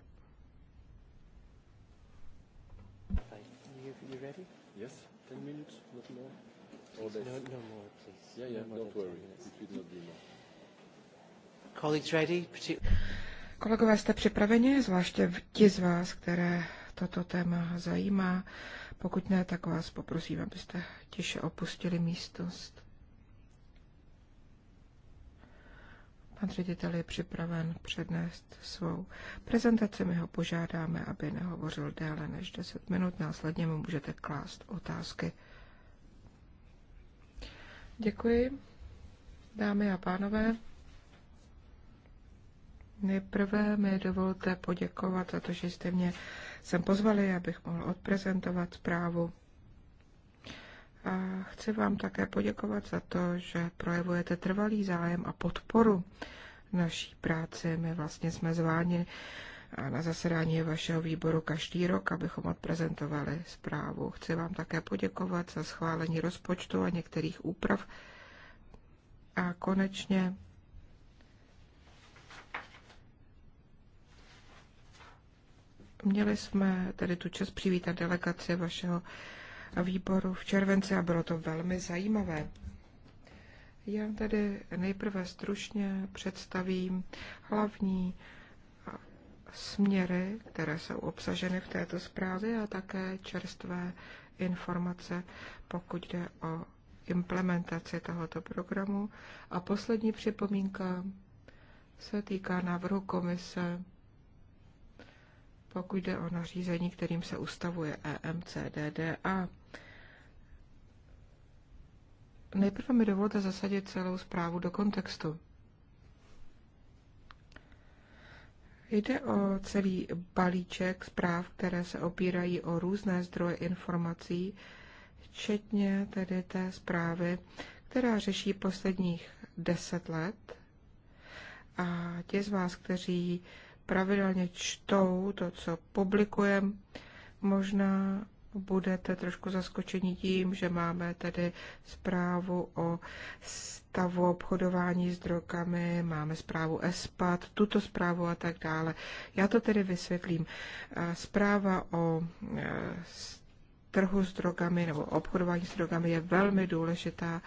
S2: Kolegové, jste připraveni, zvláště ti z vás, které toto téma zajímá? Pokud ne, tak vás poprosím, abyste tiše opustili místnost. Pan ředitel je připraven přednést svou prezentaci. My ho požádáme, aby nehovořil déle než 10 minut. Následně mu můžete klást otázky. Děkuji, dámy a pánové. Nejprve mi dovolte poděkovat za to, že jste mě sem pozvali, abych mohl odprezentovat zprávu. A chci vám také poděkovat za to, že projevujete trvalý zájem a podporu naší práci. My vlastně jsme zváni na zasedání vašeho výboru každý rok, abychom odprezentovali zprávu. Chci vám také poděkovat za schválení rozpočtu a některých úprav. A konečně Měli jsme tedy tu čest přivítat delegaci vašeho výboru v červenci a bylo to velmi zajímavé. Já tedy nejprve stručně představím hlavní směry, které jsou obsaženy v této zprávě a také čerstvé informace, pokud jde o implementaci tohoto programu. A poslední připomínka se týká návrhu komise pokud jde o nařízení, kterým se ustavuje EMCDDA. Nejprve mi dovolte zasadit celou zprávu do kontextu. Jde o celý balíček zpráv, které se opírají o různé zdroje informací, včetně tedy té zprávy, která řeší posledních deset let. A ti z vás, kteří pravidelně čtou to, co publikujem. Možná budete trošku zaskočeni tím, že máme tady zprávu o stavu obchodování s drogami, máme zprávu ESPAD, tuto zprávu a tak dále. Já to tedy vysvětlím. Eh, zpráva o eh, trhu s drogami nebo obchodování s drogami je velmi důležitá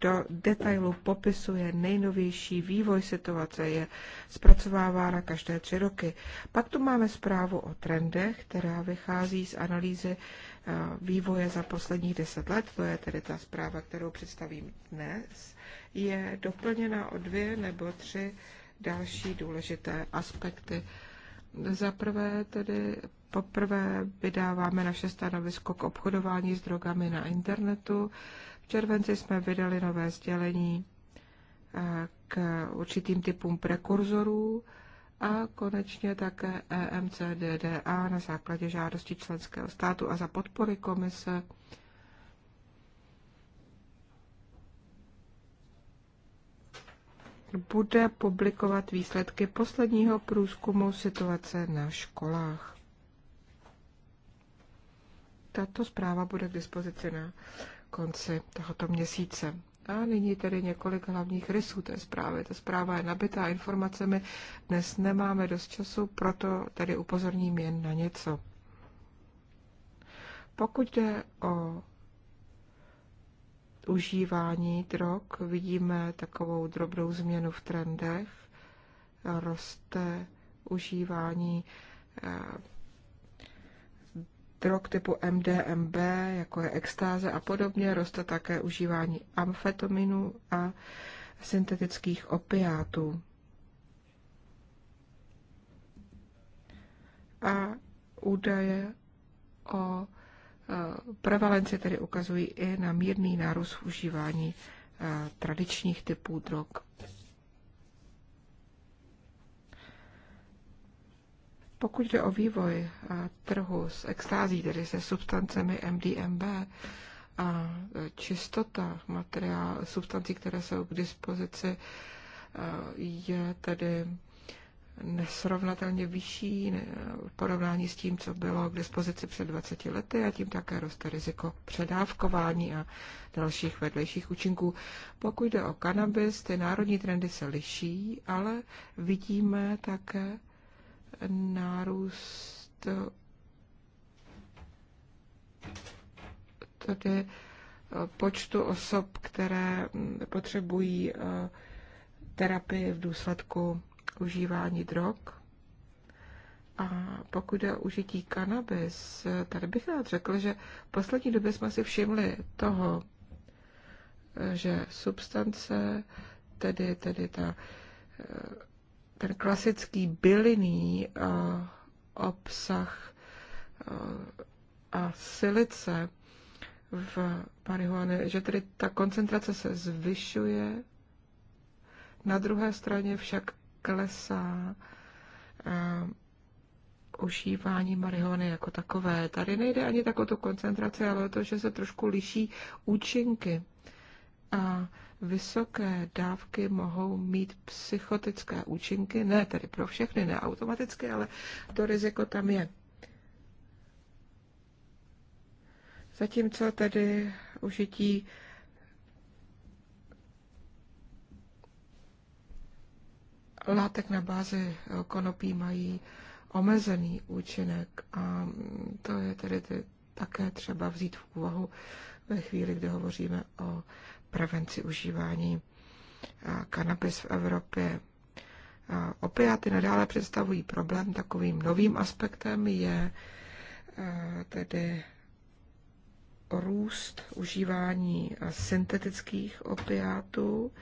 S2: do detailu popisuje nejnovější vývoj situace, je zpracovávána každé tři roky. Pak tu máme zprávu o trendech, která vychází z analýzy eh, vývoje za posledních deset let, to je tedy ta zpráva, kterou představím dnes, je doplněna o dvě nebo tři další důležité aspekty. Za prvé tedy poprvé vydáváme naše stanovisko k obchodování s drogami na internetu. V červenci jsme vydali nové sdělení eh, k určitým typům prekurzorů a konečně také EMCDDA na základě žádosti členského státu a za podpory komise bude publikovat výsledky posledního průzkumu situace na školách. Tato zpráva bude k dispozici na konci tohoto měsíce. A nyní tedy několik hlavních rysů té zprávy. Ta zpráva je nabitá informacemi, dnes nemáme dost času, proto tedy upozorním jen na něco. Pokud jde o užívání drog, vidíme takovou drobnou změnu v trendech. Roste užívání eh, drog typu MDMB, jako je extáze a podobně, roste také užívání amfetaminu a syntetických opiátů. A údaje o e, prevalenci tedy ukazují i na mírný nárůst užívání e, tradičních typů drog. Pokud jde o vývoj eh, trhu s extází, tedy se substancemi MDMB, a eh, čistota materiál, substancí, které jsou k dispozici, eh, je tedy nesrovnatelně vyšší v porovnání s tím, co bylo k dispozici před 20 lety a tím také roste riziko předávkování a dalších vedlejších účinků. Pokud jde o kanabis, ty národní trendy se liší, ale vidíme také nárůst tedy eh, počtu osob, které hm, potřebují eh, terapii v důsledku užívání drog. A pokud je užití kanabis, eh, tady bych rád řekl, že v poslední době jsme si všimli toho, že substance, tedy, tedy ta ten klasický bylinný eh, obsah eh, a silice v marihuane, že tedy ta koncentrace se zvyšuje, na druhé straně však klesá eh, užívání marihuany jako takové. Tady nejde ani tak o tu koncentraci, ale o to, že se trošku liší účinky a vysoké dávky mohou mít psychotické účinky, ne tedy pro všechny, ne automaticky, ale to riziko tam je. Zatímco tedy užití látek na bázi konopí mají omezený účinek a to je tedy ty také třeba vzít v úvahu ve chvíli, kdy hovoříme o prevenci užívání eh, kanabis v Evropě. Eh, Opiáty nadále představují problém. Takovým novým aspektem je eh, tedy růst užívání syntetických opiátů.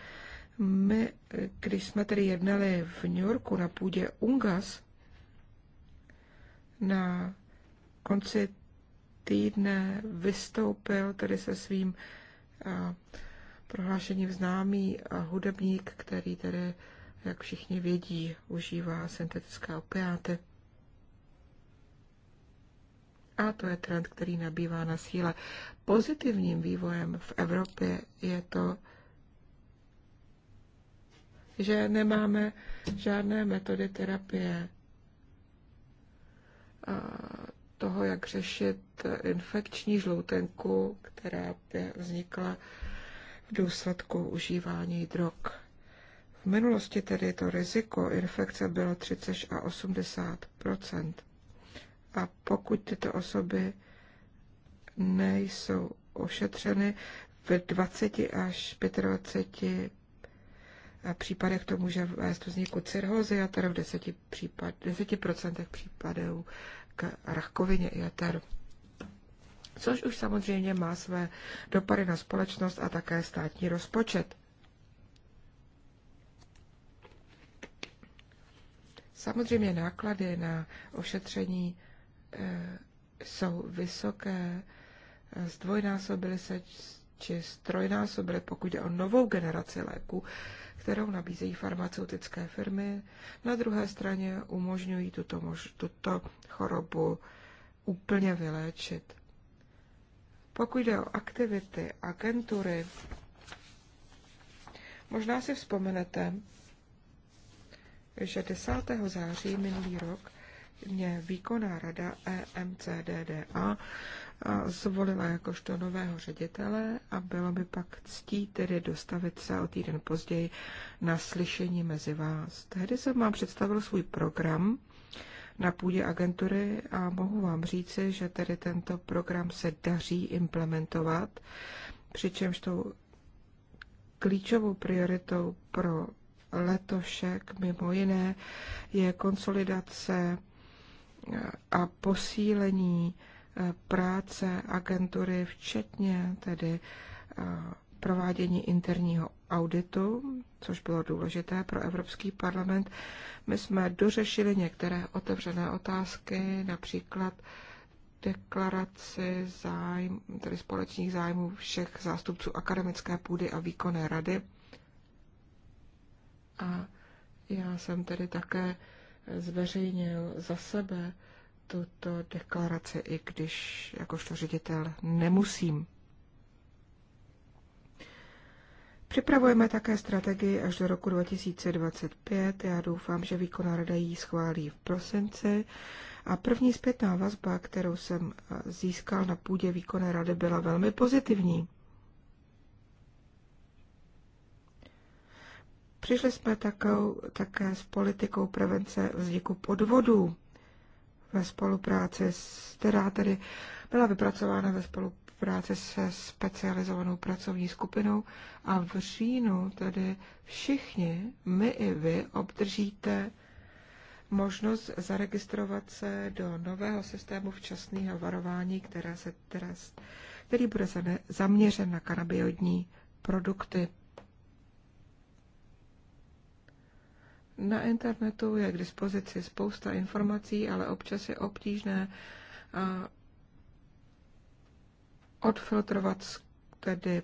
S2: My, když jsme tedy jednali v New Yorku na půdě UNGAS na konci týdne vystoupil tedy se svým eh, prohlášením známý eh, hudebník, který tedy, jak všichni vědí, užívá syntetické opiáty. A to je trend, který nabývá na síle. Pozitivním vývojem v Evropě je to, že nemáme žádné metody terapie toho, jak řešit infekční žloutenku, která by vznikla v důsledku užívání drog. V minulosti tedy to riziko infekce bylo 30 a 80 A pokud tyto osoby nejsou ošetřeny, v 20 až 25 případech to může vést vzniku cirhózy a tedy v 10%, případ, 10 případů k rakovině i jater. Což už samozřejmě má své dopady na společnost a také státní rozpočet. Samozřejmě náklady na ošetření eh, jsou vysoké, zdvojnásobily se či strojnásobily, pokud jde o novou generaci léků, kterou nabízejí farmaceutické firmy. Na druhé straně umožňují tuto, mož, tuto chorobu úplně vyléčit. Pokud jde o aktivity agentury, možná si vzpomenete, že 10. září minulý rok mě výkonná rada EMCDDA zvolila jakožto nového ředitele a bylo by pak ctí tedy dostavit se o týden později na slyšení mezi vás. Tehdy jsem vám představil svůj program na půdě agentury a mohu vám říci, že tedy tento program se daří implementovat, přičemž tou klíčovou prioritou pro letošek mimo jiné je konsolidace a posílení práce agentury, včetně tedy eh, provádění interního auditu, což bylo důležité pro Evropský parlament. My jsme dořešili některé otevřené otázky, například deklaraci zájmu, tedy společných zájmů všech zástupců akademické půdy a výkonné rady. A já jsem tedy také zveřejnil za sebe tuto deklaraci, i když jakožto ředitel nemusím. Připravujeme také strategii až do roku 2025. Já doufám, že výkonná rada ji schválí v prosinci. A první zpětná vazba, kterou jsem eh, získal na půdě výkonné rady, byla velmi pozitivní. Přišli jsme také s politikou prevence vzniku podvodů ve spolupráci, s, která tedy byla vypracována ve spolupráci se specializovanou pracovní skupinou a v říjnu tedy všichni, my i vy, obdržíte možnost zaregistrovat se do nového systému včasného varování, které se teraz, který bude zaměřen na kanabioidní produkty. Na internetu je k dispozici spousta informací, ale občas je obtížné odfiltrovat tedy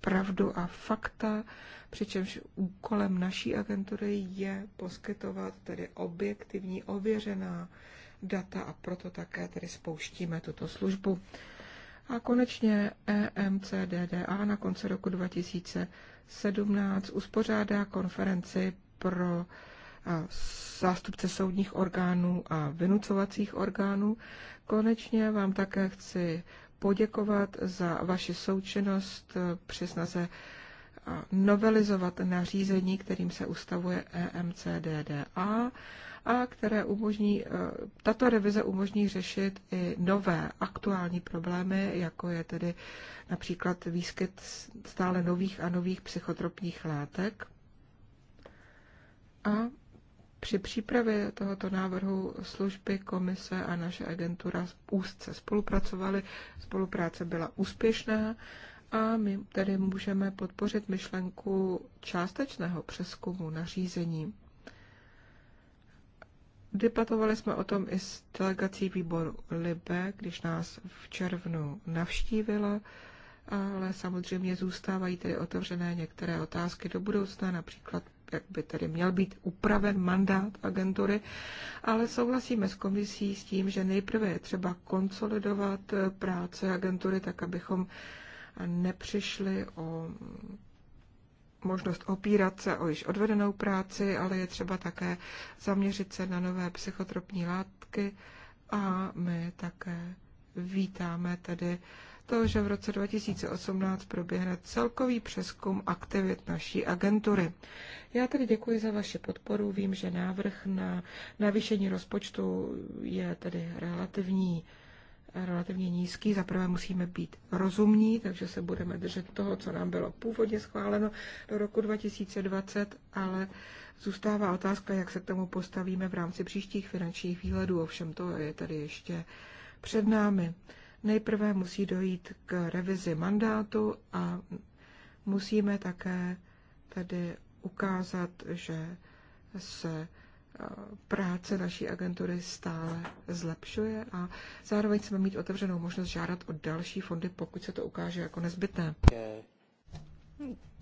S2: pravdu a fakta, přičemž úkolem naší agentury je poskytovat tedy objektivní, ověřená data a proto také tedy spouštíme tuto službu. A konečně EMCDDA na konci roku 2017 uspořádá konferenci pro zástupce soudních orgánů a vynucovacích orgánů. Konečně vám také chci poděkovat za vaši součinnost e, při snaze novelizovat nařízení, kterým se ustavuje EMCDDA a které umožní, e, tato revize umožní řešit i nové aktuální problémy, jako je tedy například výskyt stále nových a nových psychotropních látek. A při přípravě tohoto návrhu služby, komise a naše agentura úzce spolupracovali. Spolupráce byla úspěšná a my tedy můžeme podpořit myšlenku částečného přeskumu nařízení. Debatovali jsme o tom i s delegací výboru Libe, když nás v červnu navštívila, ale samozřejmě zůstávají tedy otevřené některé otázky do budoucna, například jak by tedy měl být upraven mandát agentury, ale souhlasíme s komisí s tím, že nejprve je třeba konsolidovat eh, práce agentury, tak abychom nepřišli o možnost opírat se o již odvedenou práci, ale je třeba také zaměřit se na nové psychotropní látky a my také vítáme tedy to, že v roce 2018 proběhne celkový přeskum aktivit naší agentury. Já tedy děkuji za vaši podporu. Vím, že návrh na navýšení rozpočtu je tedy relativní relativně nízký. Za prvé musíme být rozumní, takže se budeme držet toho, co nám bylo původně schváleno do roku 2020, ale zůstává otázka, jak se k tomu postavíme v rámci příštích finančních výhledů. Ovšem to je tady ještě před námi. Nejprve musí dojít k revizi mandátu a musíme také tedy ukázat, že se eh, práce naší agentury stále zlepšuje a zároveň chceme mít otevřenou možnost žádat o další fondy, pokud se to ukáže jako nezbytné.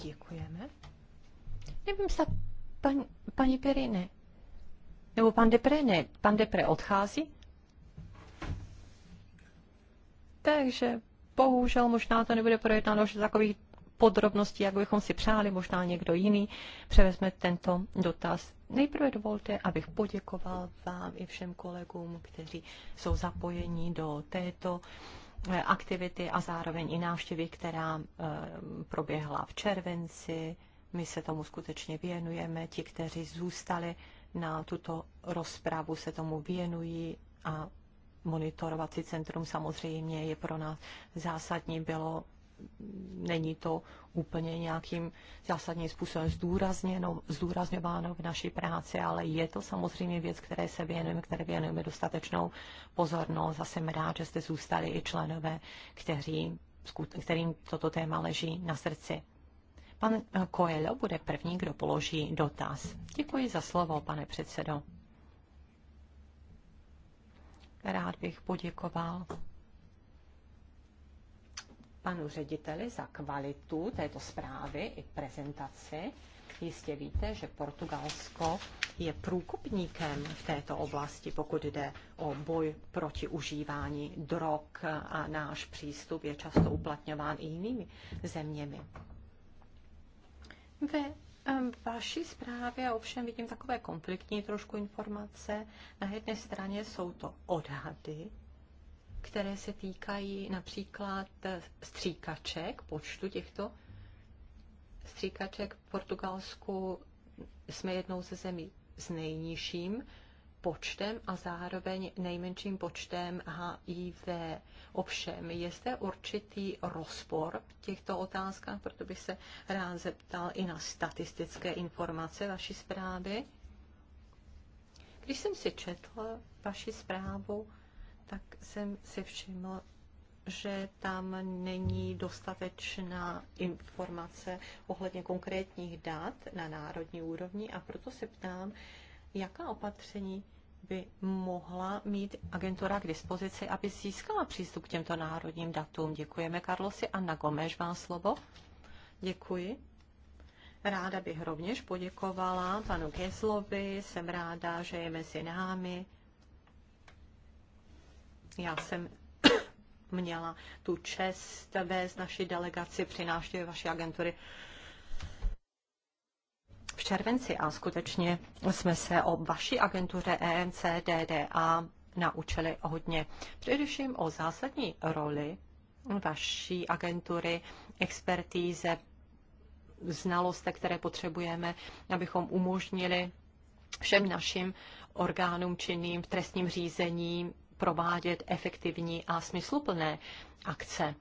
S3: Děkujeme. Nevím, zda paní Perine nebo pan Depre ne, pan Depre odchází? Takže bohužel možná to nebude projednáno až takových podrobností, jak bychom si přáli, možná někdo jiný převezme tento dotaz. Nejprve dovolte, abych poděkoval vám i všem kolegům, kteří jsou zapojeni do této eh, aktivity a zároveň i návštěvy, která eh, proběhla v červenci. My se tomu skutečně věnujeme. Ti, kteří zůstali na tuto rozpravu, se tomu věnují a monitorovací centrum samozřejmě je pro nás zásadní, bylo není to úplně nějakým zásadním způsobem zdůrazněno, zdůrazňováno v naší práci, ale je to samozřejmě věc, které se věnujeme, které věnujeme dostatečnou pozornost a jsem rád, že jste zůstali i členové, kteří, kterým toto téma leží na srdci. Pan Coelho bude první, kdo položí dotaz. Děkuji za slovo, pane předsedo. Rád bych poděkoval panu řediteli za kvalitu této zprávy i prezentaci. Jistě víte, že Portugalsko je průkopníkem v této oblasti, pokud jde o boj proti užívání drog a náš přístup je často uplatňován i jinými zeměmi. Ve v vaší zprávě ovšem vidím takové konfliktní trošku informace. Na jedné straně jsou to odhady, které se týkají například eh, stříkaček, počtu těchto stříkaček v Portugalsku jsme jednou ze zemí s nejnižším počtem a zároveň nejmenším počtem HIV. Ovšem, je zde určitý rozpor v těchto otázkách, proto bych se rád zeptal i na statistické informace vaší zprávy. Když jsem si četl vaši zprávu, tak jsem si všiml, že tam není dostatečná informace ohledně konkrétních dat na národní úrovni a proto se ptám, jaká opatření by mohla mít agentura k dispozici, aby získala přístup k těmto národním datům. Děkujeme, Karlosi. Anna Gomeš má slovo. Děkuji. Ráda bych rovněž poděkovala panu Keslovi. Jsem ráda, že je mezi námi. Já jsem měla tu čest vést naši delegaci při návštěvě vaší agentury v červenci a skutečně jsme se o vaší agentuře EMCDDA naučili hodně. Především o zásadní roli vaší agentury, expertíze, znalosti, které potřebujeme, abychom umožnili všem našim orgánům činným v trestním řízení provádět efektivní a smysluplné akce.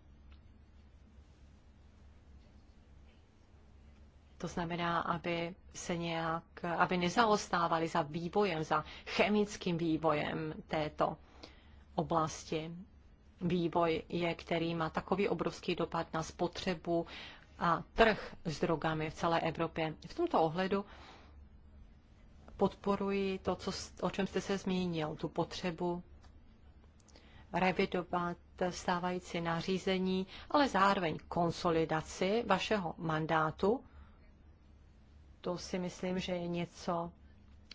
S3: To znamená, aby se nějak, aby nezaostávali za vývojem, za chemickým vývojem této oblasti. Vývoj je, který má takový obrovský dopad na spotřebu a trh s drogami v celé Evropě. V tomto ohledu podporuji to, co, o čem jste se zmínil, tu potřebu revidovat stávající nařízení, ale zároveň konsolidaci vašeho mandátu to si myslím, že je něco,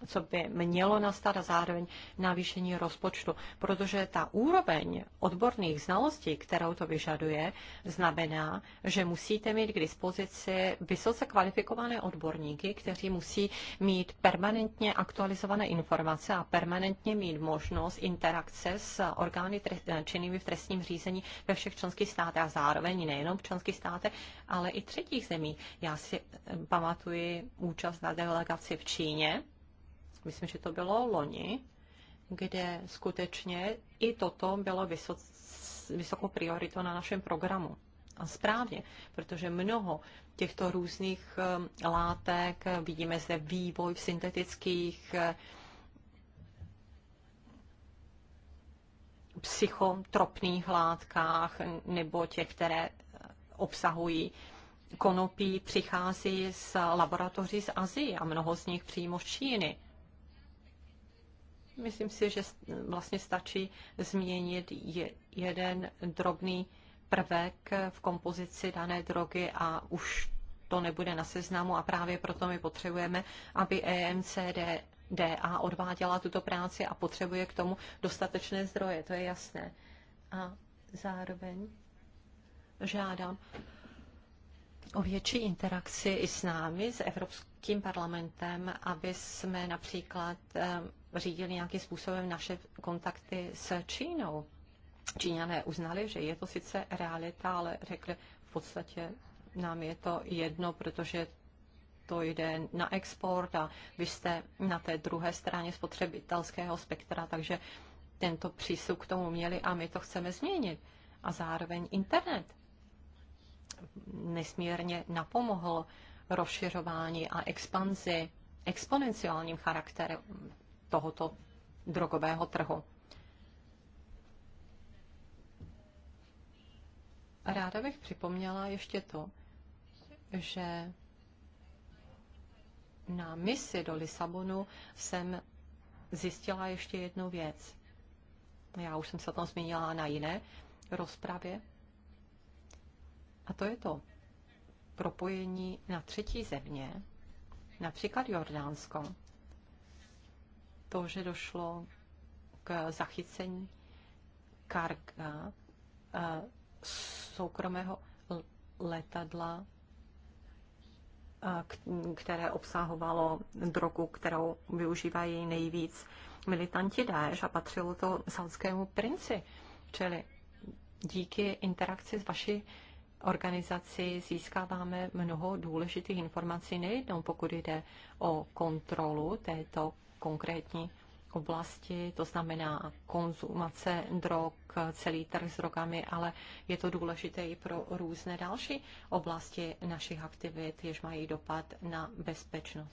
S3: co by mělo nastat a zároveň navýšení rozpočtu, protože ta úroveň odborných znalostí, kterou to vyžaduje, znamená, že musíte mít k dispozici vysoce kvalifikované odborníky, kteří musí mít permanentně aktualizované informace a permanentně mít možnost interakce s orgány činnými v trestním řízení ve všech členských státech a zároveň nejenom v členských státech, ale i třetích zemí. Já si pamatuji účast na delegaci v Číně, myslím, že to bylo loni, kde skutečně i toto bylo vysokou prioritou na našem programu. A správně, protože mnoho těchto různých um, látek, vidíme zde vývoj v syntetických eh, psychotropných látkách nebo těch, které eh, obsahují konopí, přichází z laboratoří z Azie a mnoho z nich přímo z Číny. Myslím si, že vlastně stačí změnit jeden drobný prvek v kompozici dané drogy a už to nebude na seznamu a právě proto my potřebujeme, aby EMCD DA odváděla tuto práci a potřebuje k tomu dostatečné zdroje, to je jasné. A zároveň žádám o větší interakci i s námi, s Evropským parlamentem, aby jsme například řídili nějakým způsobem naše kontakty s Čínou. Číňané uznali, že je to sice realita, ale řekli, v podstatě nám je to jedno, protože to jde na export a vy jste na té druhé straně spotřebitelského spektra, takže tento přístup k tomu měli a my to chceme změnit. A zároveň internet nesmírně napomohl rozšiřování a expanzi exponenciálním charakterem tohoto drogového trhu. Ráda bych připomněla ještě to, že na misi do Lisabonu jsem zjistila ještě jednu věc. Já už jsem se o tom zmínila na jiné rozpravě. A to je to propojení na třetí země, například Jordánsko, to, že došlo k zachycení karga soukromého letadla, které obsahovalo drogu, kterou využívají nejvíc militanti Daesh a patřilo to saudskému princi. Čili díky interakci s vaší organizací získáváme mnoho důležitých informací, nejednou pokud jde o kontrolu této konkrétní oblasti, to znamená konzumace drog, celý trh s drogami, ale je to důležité i pro různé další oblasti našich aktivit, jež mají dopad na bezpečnost.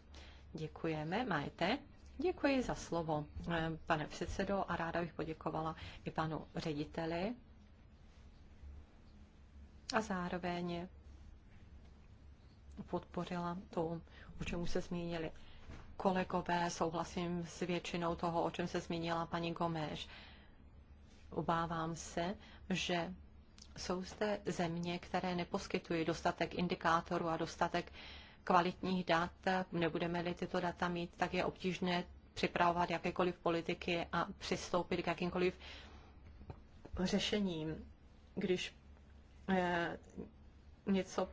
S3: Děkujeme, majte. Děkuji za slovo, eh, pane předsedo, a ráda bych poděkovala i panu řediteli a zároveň podpořila to, o čemu se zmínili kolegové, souhlasím s většinou toho, o čem se zmínila paní Gomeš. Obávám se, že jsou zde země, které neposkytují dostatek indikátorů a dostatek kvalitních dat. Nebudeme-li tyto data mít, tak je obtížné připravovat jakékoliv politiky a přistoupit k jakýmkoliv řešením. Když eh, něco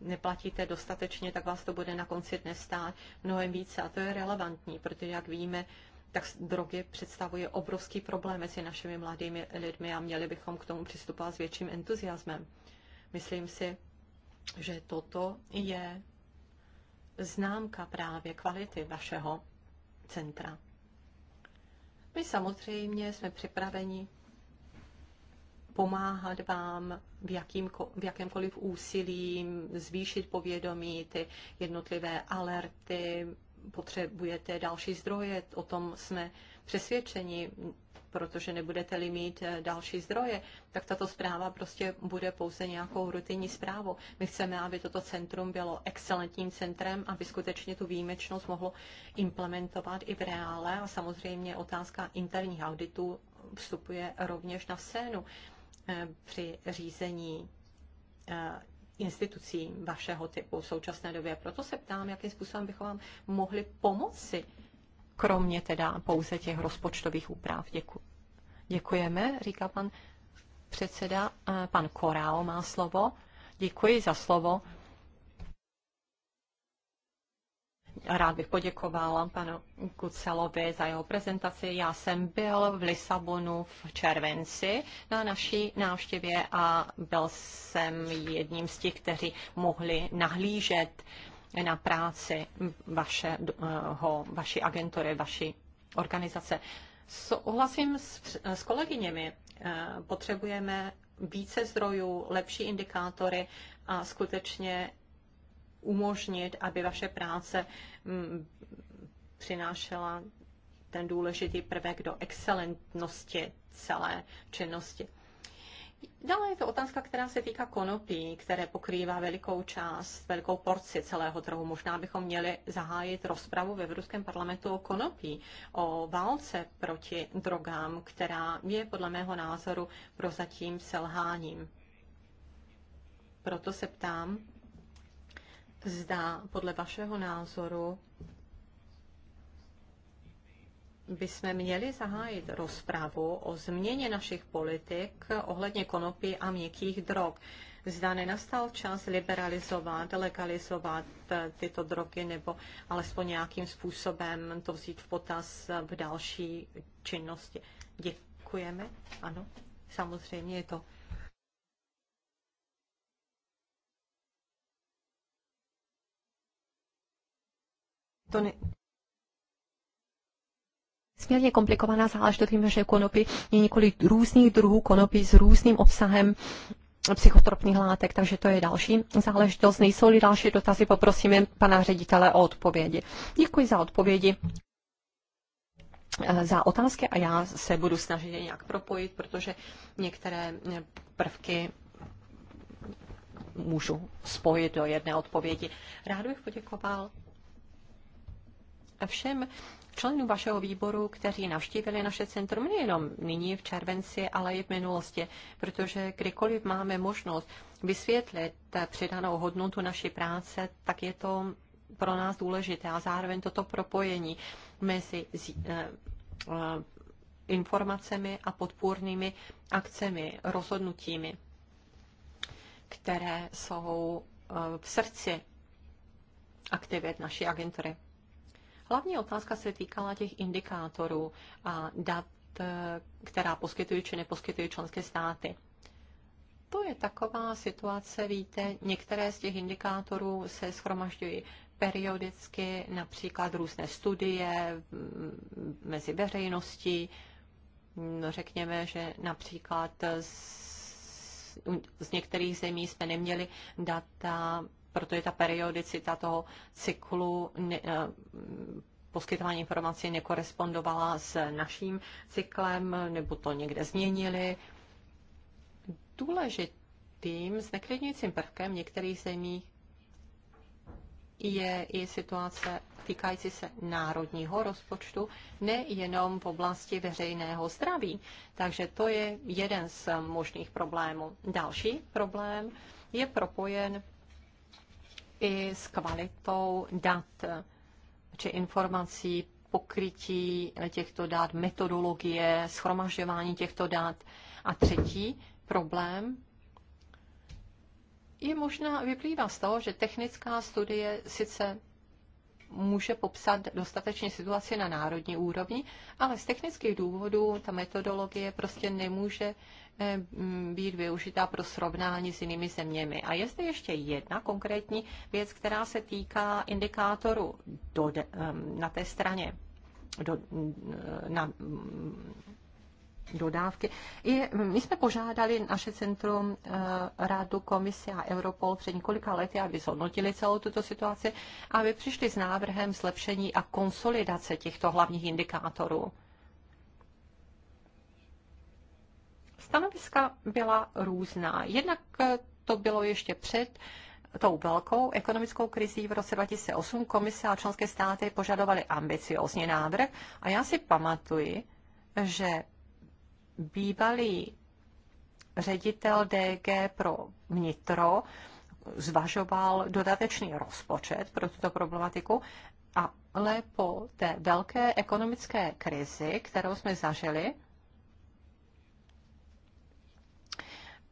S3: neplatíte dostatečně, tak vás to bude na konci dne stát mnohem více. A to je relevantní, protože jak víme, tak drogy představuje obrovský problém mezi našimi mladými lidmi a měli bychom k tomu přistupovat s větším entuziasmem. Myslím si, že toto je známka právě kvality vašeho centra. My samozřejmě jsme připraveni pomáhat vám v, jakým, v jakémkoliv úsilí, zvýšit povědomí, ty jednotlivé alerty, potřebujete další zdroje, o tom jsme přesvědčeni, protože nebudete-li mít eh, další zdroje, tak tato zpráva prostě bude pouze nějakou rutinní zprávou. My chceme, aby toto centrum bylo excelentním centrem, aby skutečně tu výjimečnost mohlo implementovat i v reále a samozřejmě otázka interních auditů vstupuje rovněž na scénu. Eh, při řízení eh, institucí vašeho typu v současné době. Proto se ptám, jakým způsobem bychom vám mohli pomoci, kromě teda pouze těch rozpočtových úprav. Děku. Děkujeme, říká pan předseda. Eh, pan Korao má slovo. Děkuji za slovo. Rád bych poděkovala panu Kucelovi za jeho prezentaci. Já jsem byl v Lisabonu v červenci na naší návštěvě a byl jsem jedním z těch, kteří mohli nahlížet na práci vašeho, vaší agentury, vaší organizace. Souhlasím s, s kolegyněmi. Eh, potřebujeme více zdrojů, lepší indikátory a skutečně umožnit, aby vaše práce mm, přinášela ten důležitý prvek do excelentnosti celé činnosti. Dále je to otázka, která se týká konopí, které pokrývá velikou část, velikou porci celého trhu. Možná bychom měli zahájit rozpravu ve Evropském parlamentu o konopí, o válce proti drogám, která je podle mého názoru prozatím selháním. Proto se ptám, zda podle vašeho názoru jsme měli zahájit rozpravu o změně našich politik ohledně konopy a měkkých drog. Zda nenastal čas liberalizovat, legalizovat tyto drogy nebo alespoň nějakým způsobem to vzít v potaz v další činnosti. Děkujeme. Ano, samozřejmě je to to ne, Směrně komplikovaná záležitost, víme, že konopy je několik různých druhů konopy s různým obsahem psychotropních látek, takže to je další záležitost. Nejsou-li další dotazy, poprosíme pana ředitele o odpovědi. Děkuji za odpovědi eh, za otázky a já se budu snažit je nějak propojit, protože některé eh, prvky můžu spojit do jedné odpovědi. Rád bych poděkoval všem členům vašeho výboru, kteří navštívili naše centrum nejenom nyní v červenci, ale i v minulosti, protože kdykoliv máme možnost vysvětlit přidanou hodnotu naší práce, tak je to pro nás důležité a zároveň toto propojení mezi eh, eh, informacemi a podpůrnými akcemi, rozhodnutími, které jsou eh, v srdci aktivit naší agentury. Hlavní otázka se týkala těch indikátorů a dat, eh, která poskytují či neposkytují členské státy. To je taková situace, víte, některé z těch indikátorů se schromažďují periodicky, například různé studie mm, mezi veřejností, no, řekněme, že například z, z některých zemí jsme neměli data protože ta periodicita toho cyklu ne, eh, poskytování informací nekorespondovala s naším cyklem, nebo to někde změnili. Důležitým zneklidňujícím prvkem některých zemí je i situace týkající se národního rozpočtu, nejenom v oblasti veřejného zdraví. Takže to je jeden z možných problémů. Další problém je propojen i s kvalitou dat či informací, pokrytí těchto dat, metodologie, schromažďování těchto dat. A třetí problém je možná vyplývá z toho, že technická studie sice může popsat dostatečně situaci na národní úrovni, ale z technických důvodů ta metodologie prostě nemůže eh, být využitá pro srovnání s jinými zeměmi. A je zde ještě jedna konkrétní věc, která se týká indikátoru do, ehm, na té straně do, na dodávky. I my jsme požádali naše centrum eh, Rádu, Komisi a Europol před několika lety, aby zhodnotili celou tuto situaci, aby přišli s návrhem zlepšení a konsolidace těchto hlavních indikátorů. Stanoviska byla různá. Jednak eh, to bylo ještě před eh, tou velkou ekonomickou krizí v roce 2008 komise a členské státy požadovaly ambiciozně návrh a já si pamatuji, že bývalý ředitel DG pro vnitro zvažoval dodatečný rozpočet pro tuto problematiku, ale po té velké ekonomické krizi, kterou jsme zažili,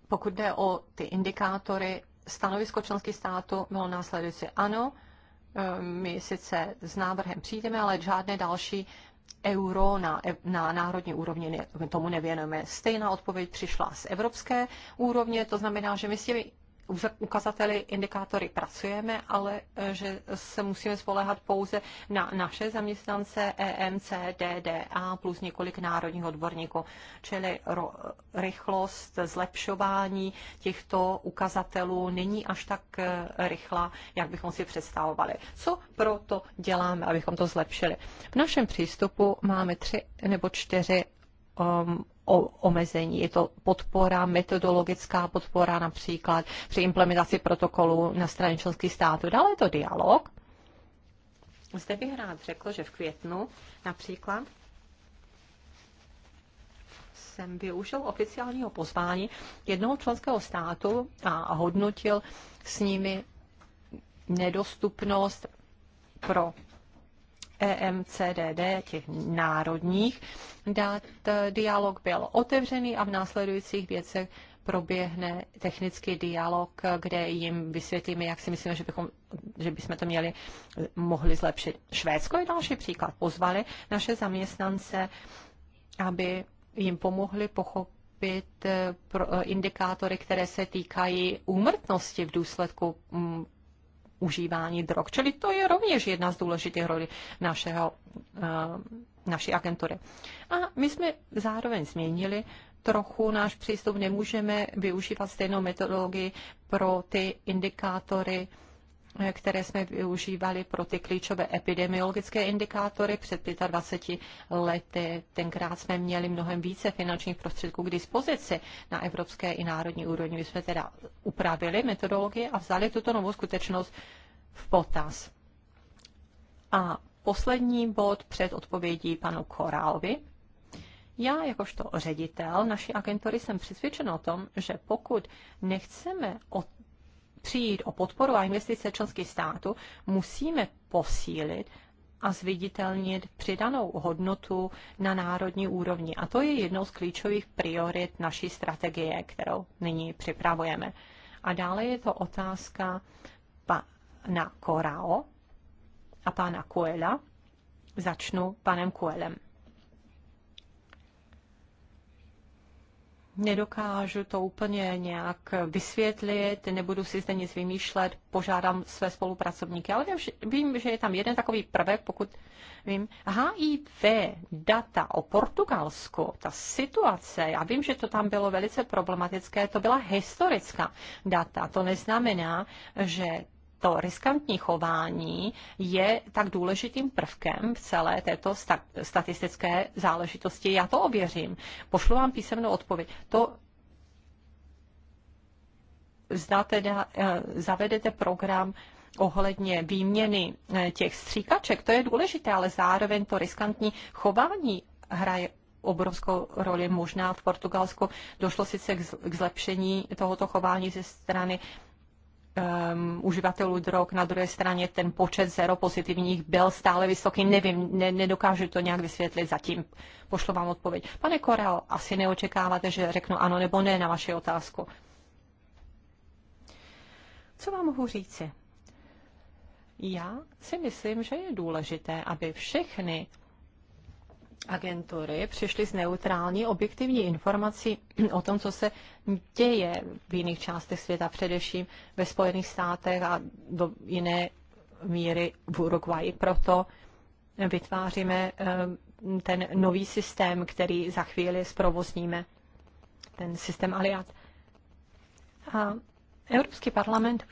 S3: pokud jde o ty indikátory, stanovisko členských států bylo následující. Ano, my sice s návrhem přijdeme, ale žádné další euro na, na národní úrovni tomu nevěnujeme. Stejná odpověď přišla z evropské úrovně, to znamená, že my s těmi ukazateli, indikátory pracujeme, ale e, že se musíme spolehat pouze na naše zaměstnance EMC, DDA plus několik národních odborníků. Čili ro, rychlost zlepšování těchto ukazatelů není až tak e, rychlá, jak bychom si představovali. Co proto děláme, abychom to zlepšili? V našem přístupu máme tři nebo čtyři um, omezení. Je to podpora, metodologická podpora například při implementaci protokolu na straně členských států. Dále je to dialog. Zde bych rád řekl, že v květnu například jsem využil oficiálního pozvání jednoho členského státu a hodnotil s nimi nedostupnost pro EMCDD, těch národních dat. Eh, dialog byl otevřený a v následujících věcech proběhne technický dialog, eh, kde jim vysvětlíme, jak si myslíme, že, bychom, že bychom to měli eh, mohli zlepšit. Švédsko je další příklad. Pozvali naše zaměstnance, aby jim pomohli pochopit indikátory, které se týkají úmrtnosti v důsledku mm, užívání drog. Čili to je rovněž jedna z důležitých rolí našeho, eh, naší agentury. A my jsme zároveň změnili trochu náš přístup, nemůžeme využívat stejnou metodologii pro ty indikátory, které jsme využívali pro ty klíčové epidemiologické indikátory. Před 25 lety tenkrát jsme měli mnohem více finančních prostředků k dispozici na evropské i národní úrovni. My jsme teda upravili metodologii a vzali tuto novou skutečnost v potaz. A poslední bod před odpovědí panu Korálovi. Já jakožto ředitel naší agentury jsem přesvědčen o tom, že pokud nechceme přijít o podporu a investice členských států, musíme posílit a zviditelnit přidanou hodnotu na národní úrovni. A to je jednou z klíčových priorit naší strategie, kterou nyní připravujeme. A dále je to otázka pana Korao a pana Kuela. Začnu panem Kuelem. nedokážu to úplně nějak vysvětlit, nebudu si zde nic vymýšlet, požádám své spolupracovníky, ale vím, vím, že je tam jeden takový prvek, pokud vím, HIV data o Portugalsku, ta situace, já vím, že to tam bylo velice problematické, to byla historická data, to neznamená, že to riskantní chování je tak důležitým prvkem v celé této statistické záležitosti. Já to ověřím. Pošlu vám písemnou odpověď. To zda teda eh, zavedete program ohledně výměny eh, těch stříkaček, to je důležité, ale zároveň to riskantní chování hraje obrovskou roli. Možná v Portugalsku došlo sice k zlepšení tohoto chování ze strany um, uživatelů drog, na druhé straně ten počet seropozitivních byl stále vysoký. Nevím, ne, nedokážu to nějak vysvětlit zatím. Pošlu vám odpověď. Pane Korel, asi neočekáváte, že řeknu ano nebo ne na vaši otázku. Co vám mohu říci? Já si myslím, že je důležité, aby všechny agentury přišly s neutrální objektivní informací o tom, co se děje v jiných částech světa, především ve Spojených státech a do jiné míry v Uruguayi. Proto vytváříme eh, ten nový systém, který za chvíli zprovozníme, ten systém Aliat. A Evropský parlament,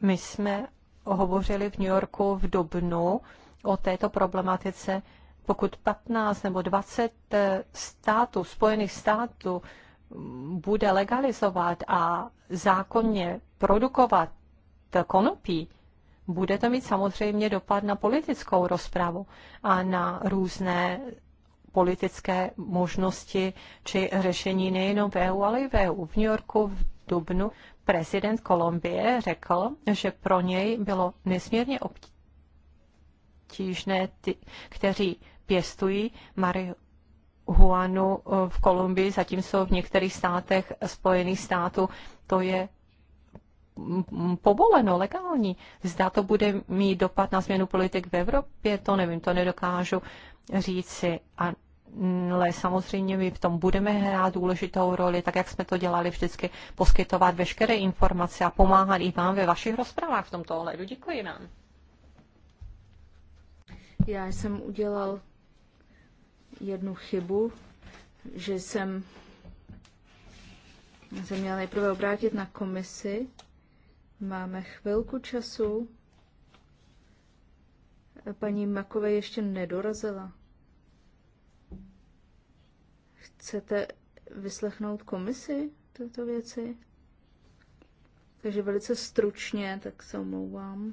S3: my jsme hovořili v New Yorku v Dubnu, o této problematice, pokud 15 nebo 20 eh, států, Spojených států, mm, bude legalizovat a zákonně produkovat konopí, bude to mít samozřejmě dopad na politickou rozpravu a na různé politické možnosti či řešení nejenom v EU, ale i v EU. V New Yorku v dubnu prezident Kolumbie řekl, že pro něj bylo nesmírně obtížné obtížné ty, kteří pěstují marihuanu eh, v Kolumbii, zatímco v některých státech Spojených států to je povoleno, legální. Zda to bude mít dopad na změnu politik v Evropě, to nevím, to nedokážu říci. Ale samozřejmě my v tom budeme hrát důležitou roli, tak jak jsme to dělali vždycky, poskytovat veškeré informace a pomáhat i vám ve vašich rozprávách v tomto ohledu. Děkuji nám.
S1: Já jsem udělal jednu chybu, že jsem se měla nejprve obrátit na komisi. Máme chvilku času. Paní Makové ještě nedorazila. Chcete vyslechnout komisi této věci? Takže velice stručně, tak se omlouvám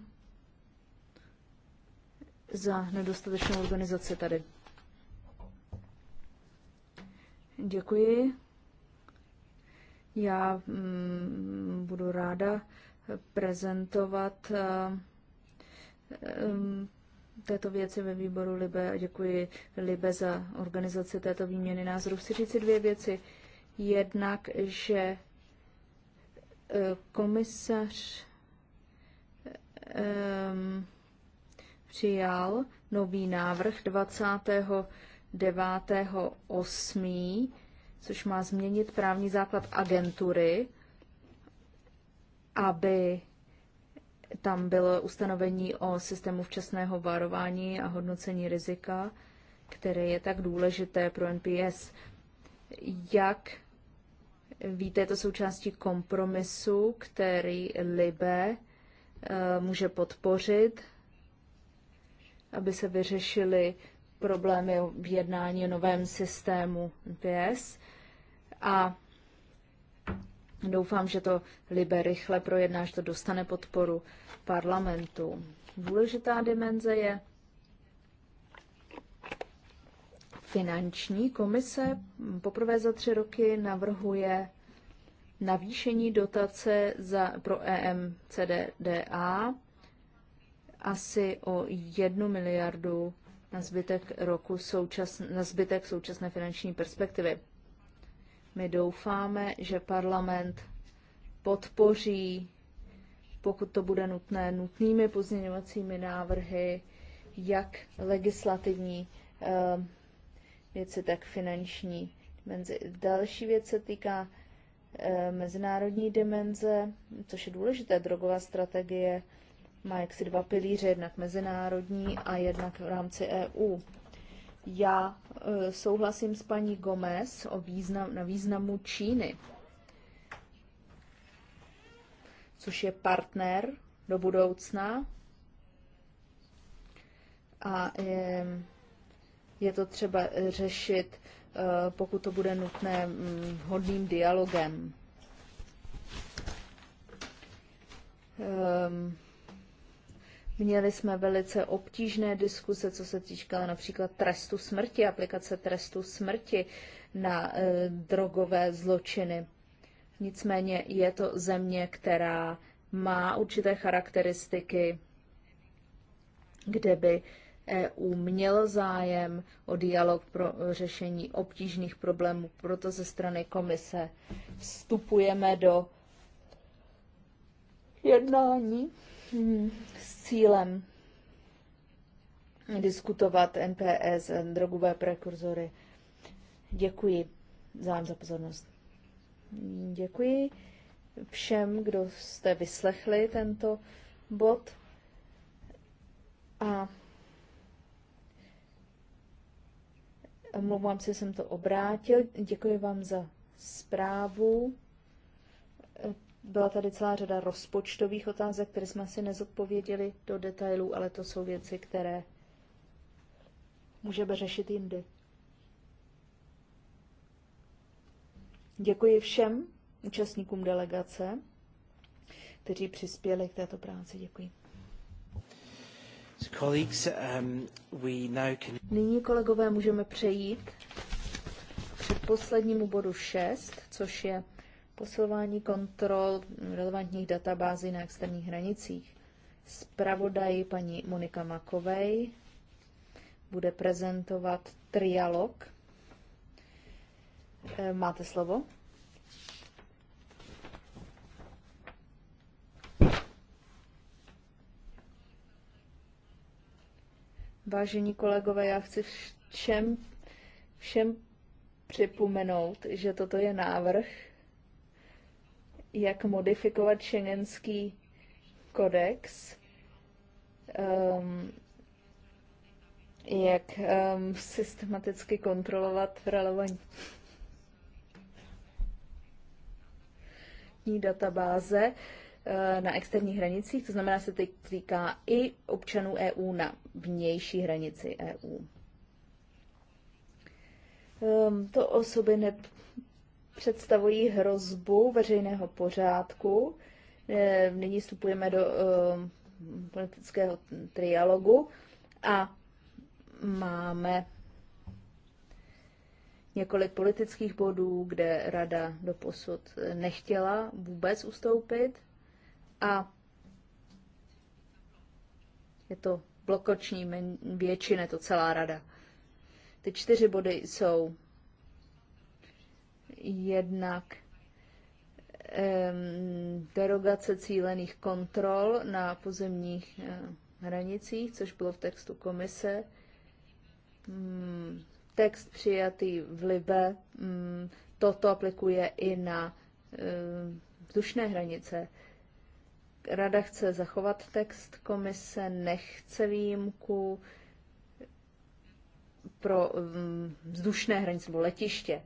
S1: za nedostatečnou organizaci tady. Děkuji. Já mm, budu ráda prezentovat um, této věci ve výboru Libe a děkuji Libe za organizaci této výměny názorů. Chci říct dvě věci. Jednak, že eh, komisař přijal nový návrh 29.8., což má změnit právní základ agentury, aby tam bylo ustanovení o systému včasného varování a hodnocení rizika, které je tak důležité pro NPS. Jak víte, je to součástí kompromisu, který Libe eh, může podpořit aby se vyřešily problémy v jednání o novém systému NPS. A doufám, že to Libe rychle projedná, že to dostane podporu parlamentu. Důležitá dimenze je finanční komise poprvé za tři roky navrhuje navýšení dotace za, pro EMCDDA asi o jednu miliardu na zbytek, roku součas, na zbytek současné finanční perspektivy. My doufáme, že parlament podpoří, pokud to bude nutné, nutnými pozměňovacími návrhy, jak legislativní eh, věci, tak finanční Další věc se týká eh, mezinárodní dimenze, což je důležité, drogová strategie má jaksi dva pilíře, jednak mezinárodní a jednak v rámci EU. Já e, souhlasím s paní Gomez o význam, na významu Číny, což je partner do budoucna. A je, je to třeba řešit, e, pokud to bude nutné, hodným dialogem. Um, Měli jsme velice obtížné diskuse, co se týkalo například trestu smrti, aplikace trestu smrti na e, drogové zločiny. Nicméně je to země, která má určité charakteristiky, kde by EU měl zájem o dialog pro řešení obtížných problémů. Proto ze strany komise vstupujeme do jednání Mm, s cílem diskutovat NPS, drogové prekurzory. Děkuji za vám za pozornost. Děkuji všem, kdo jste vyslechli tento bod. A Mluvám se, jsem to obrátil. Děkuji vám za zprávu. Byla tady celá řada rozpočtových otázek, které jsme si nezodpověděli do detailů, ale to jsou věci, které můžeme řešit jindy. Děkuji všem účastníkům delegace, kteří přispěli k této práci. Děkuji.
S2: Um,
S1: Nyní, kolegové, můžeme přejít k poslednímu bodu 6, což je posilování kontrol relevantních databází na externích hranicích. Spravodaj paní Monika Makovej bude prezentovat trialog. Eh, máte slovo? Vážení kolegové, já chci všem, všem připomenout, že toto je návrh jak modifikovat šengenský kodex, um, jak um, systematicky kontrolovat relevantní databáze uh, na externích hranicích, to znamená, se teď týká i občanů EU na vnější hranici EU. Um, to osoby představují hrozbu veřejného pořádku. Eh, nyní vstupujeme do eh, politického trialogu a máme několik politických bodů, kde rada doposud nechtěla vůbec ustoupit a je to blokoční většina, to celá rada. Ty čtyři body jsou jednak derogace cílených kontrol na pozemních eh, hranicích, což bylo v textu komise. Hmm, text přijatý v Libe hmm, toto aplikuje i na eh, vzdušné hranice. Rada chce zachovat text komise, nechce výjimku pro mm, vzdušné hranice nebo letiště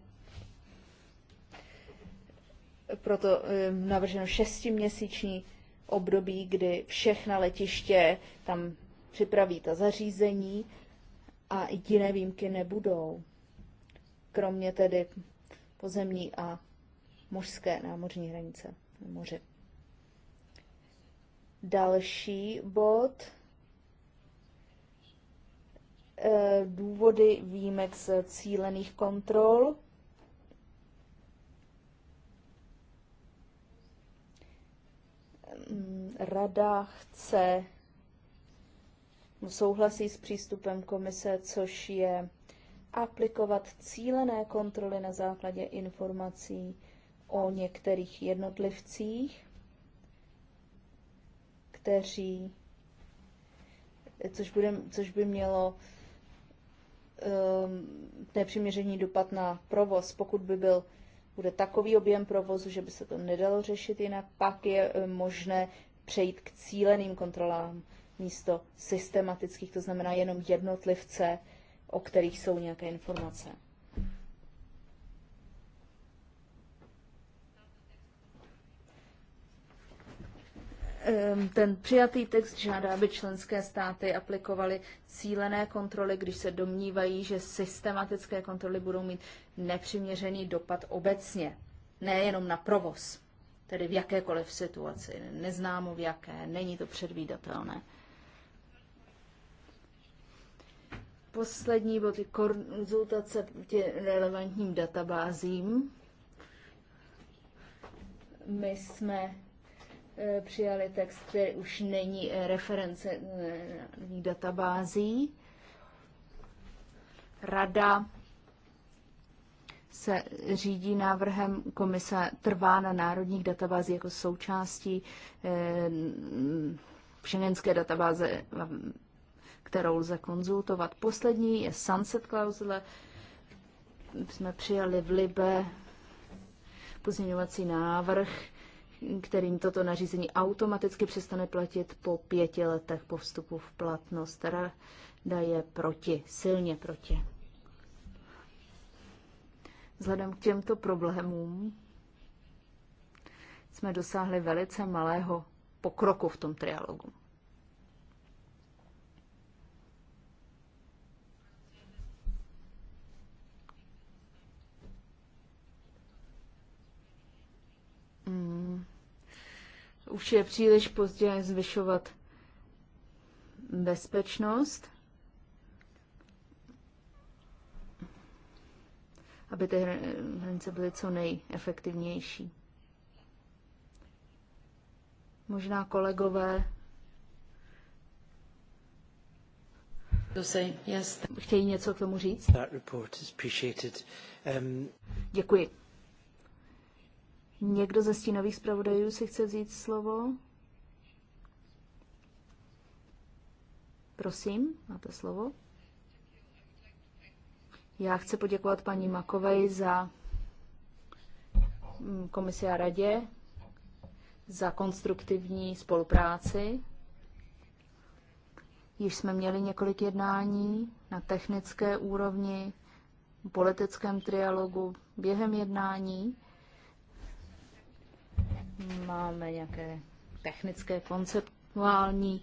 S1: proto eh, navrženo šestiměsíční období, kdy všechna letiště tam připraví ta zařízení a jiné výjimky nebudou, kromě tedy pozemní a mořské námořní hranice moře. Další bod. Eh, důvody výjimek z cílených kontrol. Mm, rada chce souhlasí s přístupem komise, což je aplikovat cílené kontroly na základě informací o některých jednotlivcích, kteří, což, bude, což by mělo um, nepřiměřený dopad na provoz, pokud by byl bude takový objem provozu, že by se to nedalo řešit jinak, pak je e, možné přejít k cíleným kontrolám místo systematických, to znamená jenom jednotlivce, o kterých jsou nějaké informace. Ehm, ten přijatý text žádá, aby členské státy aplikovaly cílené kontroly, když se domnívají, že systematické kontroly budou mít nepřiměřený dopad obecně, nejenom na provoz, tedy v jakékoliv situaci. Neznámo v jaké, není to předvídatelné. Poslední bod je konzultace tě relevantním databázím. My jsme Eh, přijali text, který už není eh, reference eh, databází. Rada se řídí návrhem komise, trvá na národních databází jako součástí šengenské databáze, kterou lze konzultovat. Poslední je sunset klauzule. Jsme přijali v Libe pozměňovací návrh, kterým toto nařízení automaticky přestane platit po pěti letech po vstupu v platnost. Rada je proti, silně proti. Vzhledem k těmto problémům jsme dosáhli velice malého pokroku v tom trialogu. už je příliš pozdě zvyšovat bezpečnost, aby ty hranice byly co nejefektivnější. Možná kolegové chtějí něco k tomu říct? Um, Děkuji. Někdo ze stínových zpravodajů si chce vzít slovo? Prosím, máte slovo. Já chci poděkovat paní Makovej za mm, komisi a radě za konstruktivní spolupráci. Již jsme měli několik jednání na technické úrovni, politickém trialogu, během jednání Máme nějaké technické konceptuální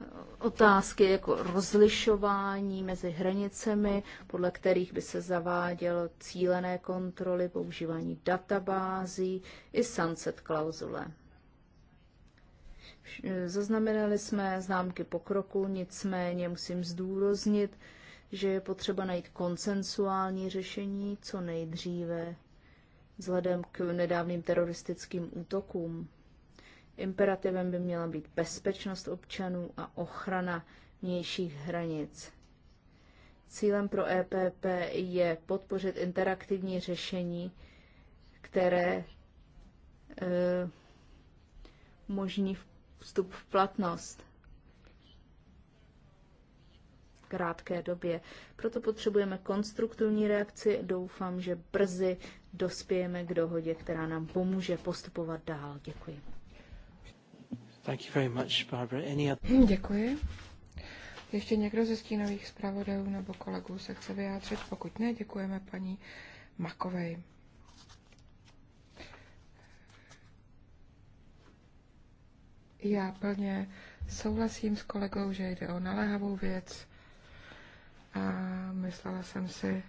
S1: eh, otázky jako rozlišování mezi hranicemi, podle kterých by se zavádělo cílené kontroly, používání databází i sunset klauzule. Eh, zaznamenali jsme známky pokroku, nicméně musím zdůraznit, že je potřeba najít konsensuální řešení co nejdříve vzhledem k nedávným teroristickým útokům. Imperativem by měla být bezpečnost občanů a ochrana vnějších hranic. Cílem pro EPP je podpořit interaktivní řešení, které e, eh, možní vstup v platnost v krátké době. Proto potřebujeme konstruktivní reakci. Doufám, že brzy dospějeme k dohodě, která nám pomůže postupovat dál. Děkuji.
S2: Thank you very much, Barbara. Any other... Hm,
S1: děkuji. Ještě někdo ze stínových zpravodajů
S2: nebo kolegů se chce vyjádřit? Pokud ne, děkujeme paní Makovej. Já plně souhlasím s kolegou, že jde o naléhavou věc a myslela jsem si,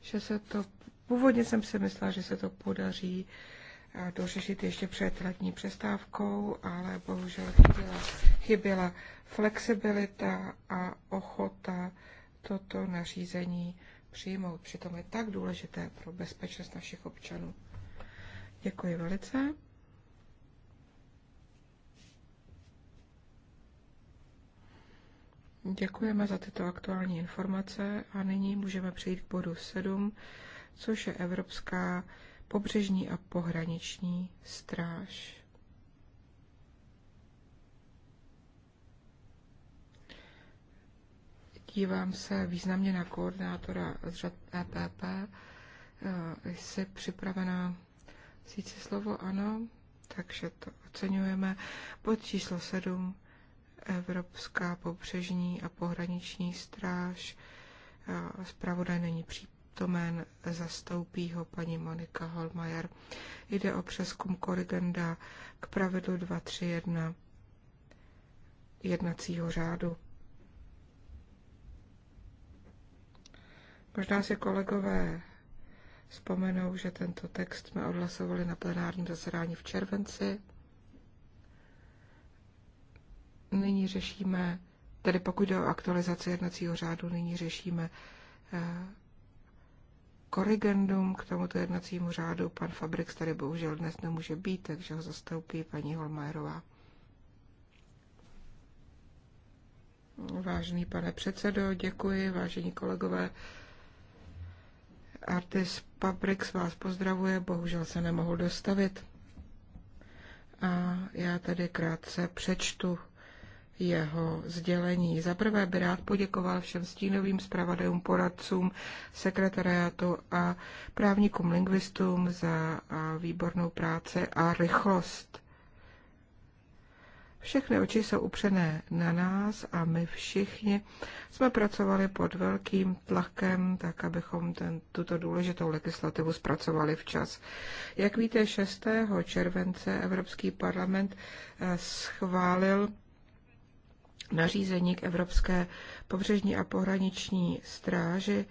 S2: že se to Původně jsem si myslela, že se to podaří eh, dořešit ještě před letní přestávkou, ale bohužel chyběla, chyběla flexibilita a ochota toto nařízení přijmout. Přitom je tak důležité pro bezpečnost našich občanů. Děkuji velice. Děkujeme za tyto aktuální informace a nyní můžeme přejít k bodu 7 což je Evropská pobřežní a pohraniční stráž. Dívám se významně na koordinátora z řad EPP. Eh, jsi připravena vzít si slovo? Ano, takže to oceňujeme. Pod číslo 7 Evropská pobřežní a pohraniční stráž. Eh, zpravodaj není příp Tomen, zastoupí ho paní Monika Holmajer. Jde o přeskum korigenda k pravidlu 231 jednacího řádu. Možná si kolegové vzpomenou, že tento text jsme odhlasovali na plenárním zasedání v červenci. Nyní řešíme, tedy pokud jde o aktualizaci jednacího řádu, nyní řešíme eh, korrigendum k tomuto jednacímu řádu. Pan Fabrik tady bohužel dnes nemůže být, takže ho zastoupí paní Holmajerová. Vážený pane předsedo, děkuji, vážení kolegové. Artis Pabrix vás pozdravuje, bohužel se nemohl dostavit. A já tady krátce přečtu jeho sdělení. Za prvé by rád poděkoval všem stínovým zpravodajům, poradcům, sekretariátu a právníkům lingvistům za výbornou práci a rychlost. Všechny oči jsou upřené na nás a my všichni jsme pracovali pod velkým tlakem, tak abychom ten, tuto důležitou legislativu zpracovali včas. Jak víte, 6. července Evropský parlament eh, schválil nařízení k Evropské pobřežní a pohraniční stráži.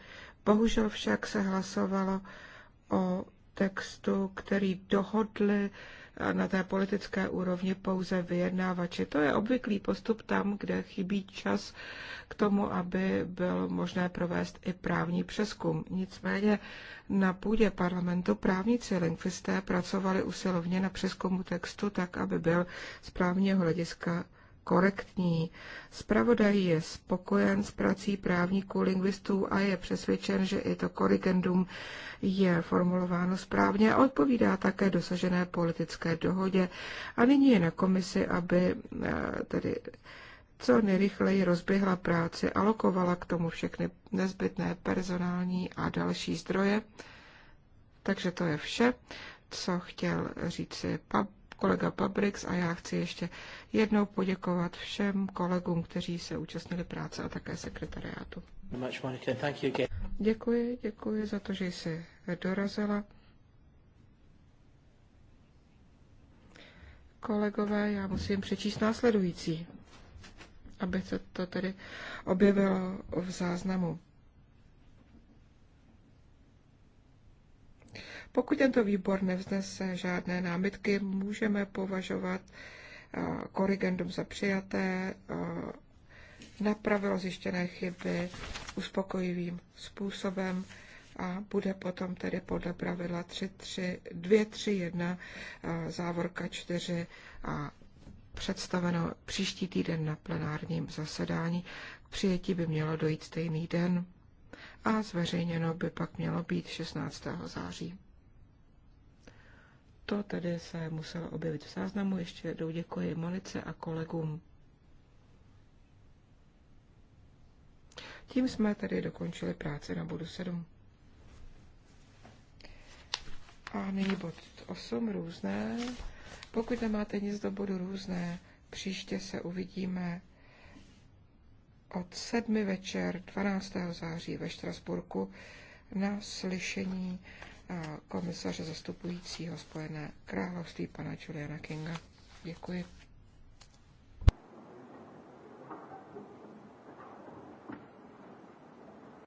S2: Bohužel však se hlasovalo o textu, který dohodli na té politické úrovni pouze vyjednávači. To je obvyklý postup tam, kde chybí čas k tomu, aby byl možné provést i právní přeskum. Nicméně na půdě parlamentu právníci lingvisté pracovali usilovně na přeskumu textu tak, aby byl z právního hlediska korektní. Spravodaj je spokojen s prací právníků lingvistů a je přesvědčen, že i to korrigendum je formulováno správně a odpovídá také dosažené politické dohodě. A nyní je na komisi, aby eh, tedy co nejrychleji rozběhla práci, alokovala k tomu všechny nezbytné personální a další zdroje. Takže to je vše, co chtěl říci kolega Pabrix a já chci ještě jednou poděkovat všem kolegům, kteří se účastnili práce a také sekretariátu. Děkuji, děkuji za to, že jsi dorazila. Kolegové, já musím přečíst následující, aby se to tedy objevilo v záznamu. Pokud tento výbor nevznese žádné námitky, můžeme považovat eh, korrigendum za přijaté, eh, napravilo zjištěné chyby uspokojivým způsobem a bude potom tedy podle pravidla 3, 3, 2, 3, 1, závorka 4 a představeno příští týden na plenárním zasedání. K přijetí by mělo dojít stejný den a zveřejněno by pak mělo být 16. září. To tedy se muselo objevit v záznamu. Ještě jednou děkuji Malice a kolegům. Tím jsme tedy dokončili práci na bodu 7. A nyní bod 8 různé. Pokud nemáte nic do bodu různé, příště se uvidíme od 7 večer 12. září ve Štrasburku na slyšení komisaře zastupujícího Spojené království, pana Juliana Kinga. Děkuji.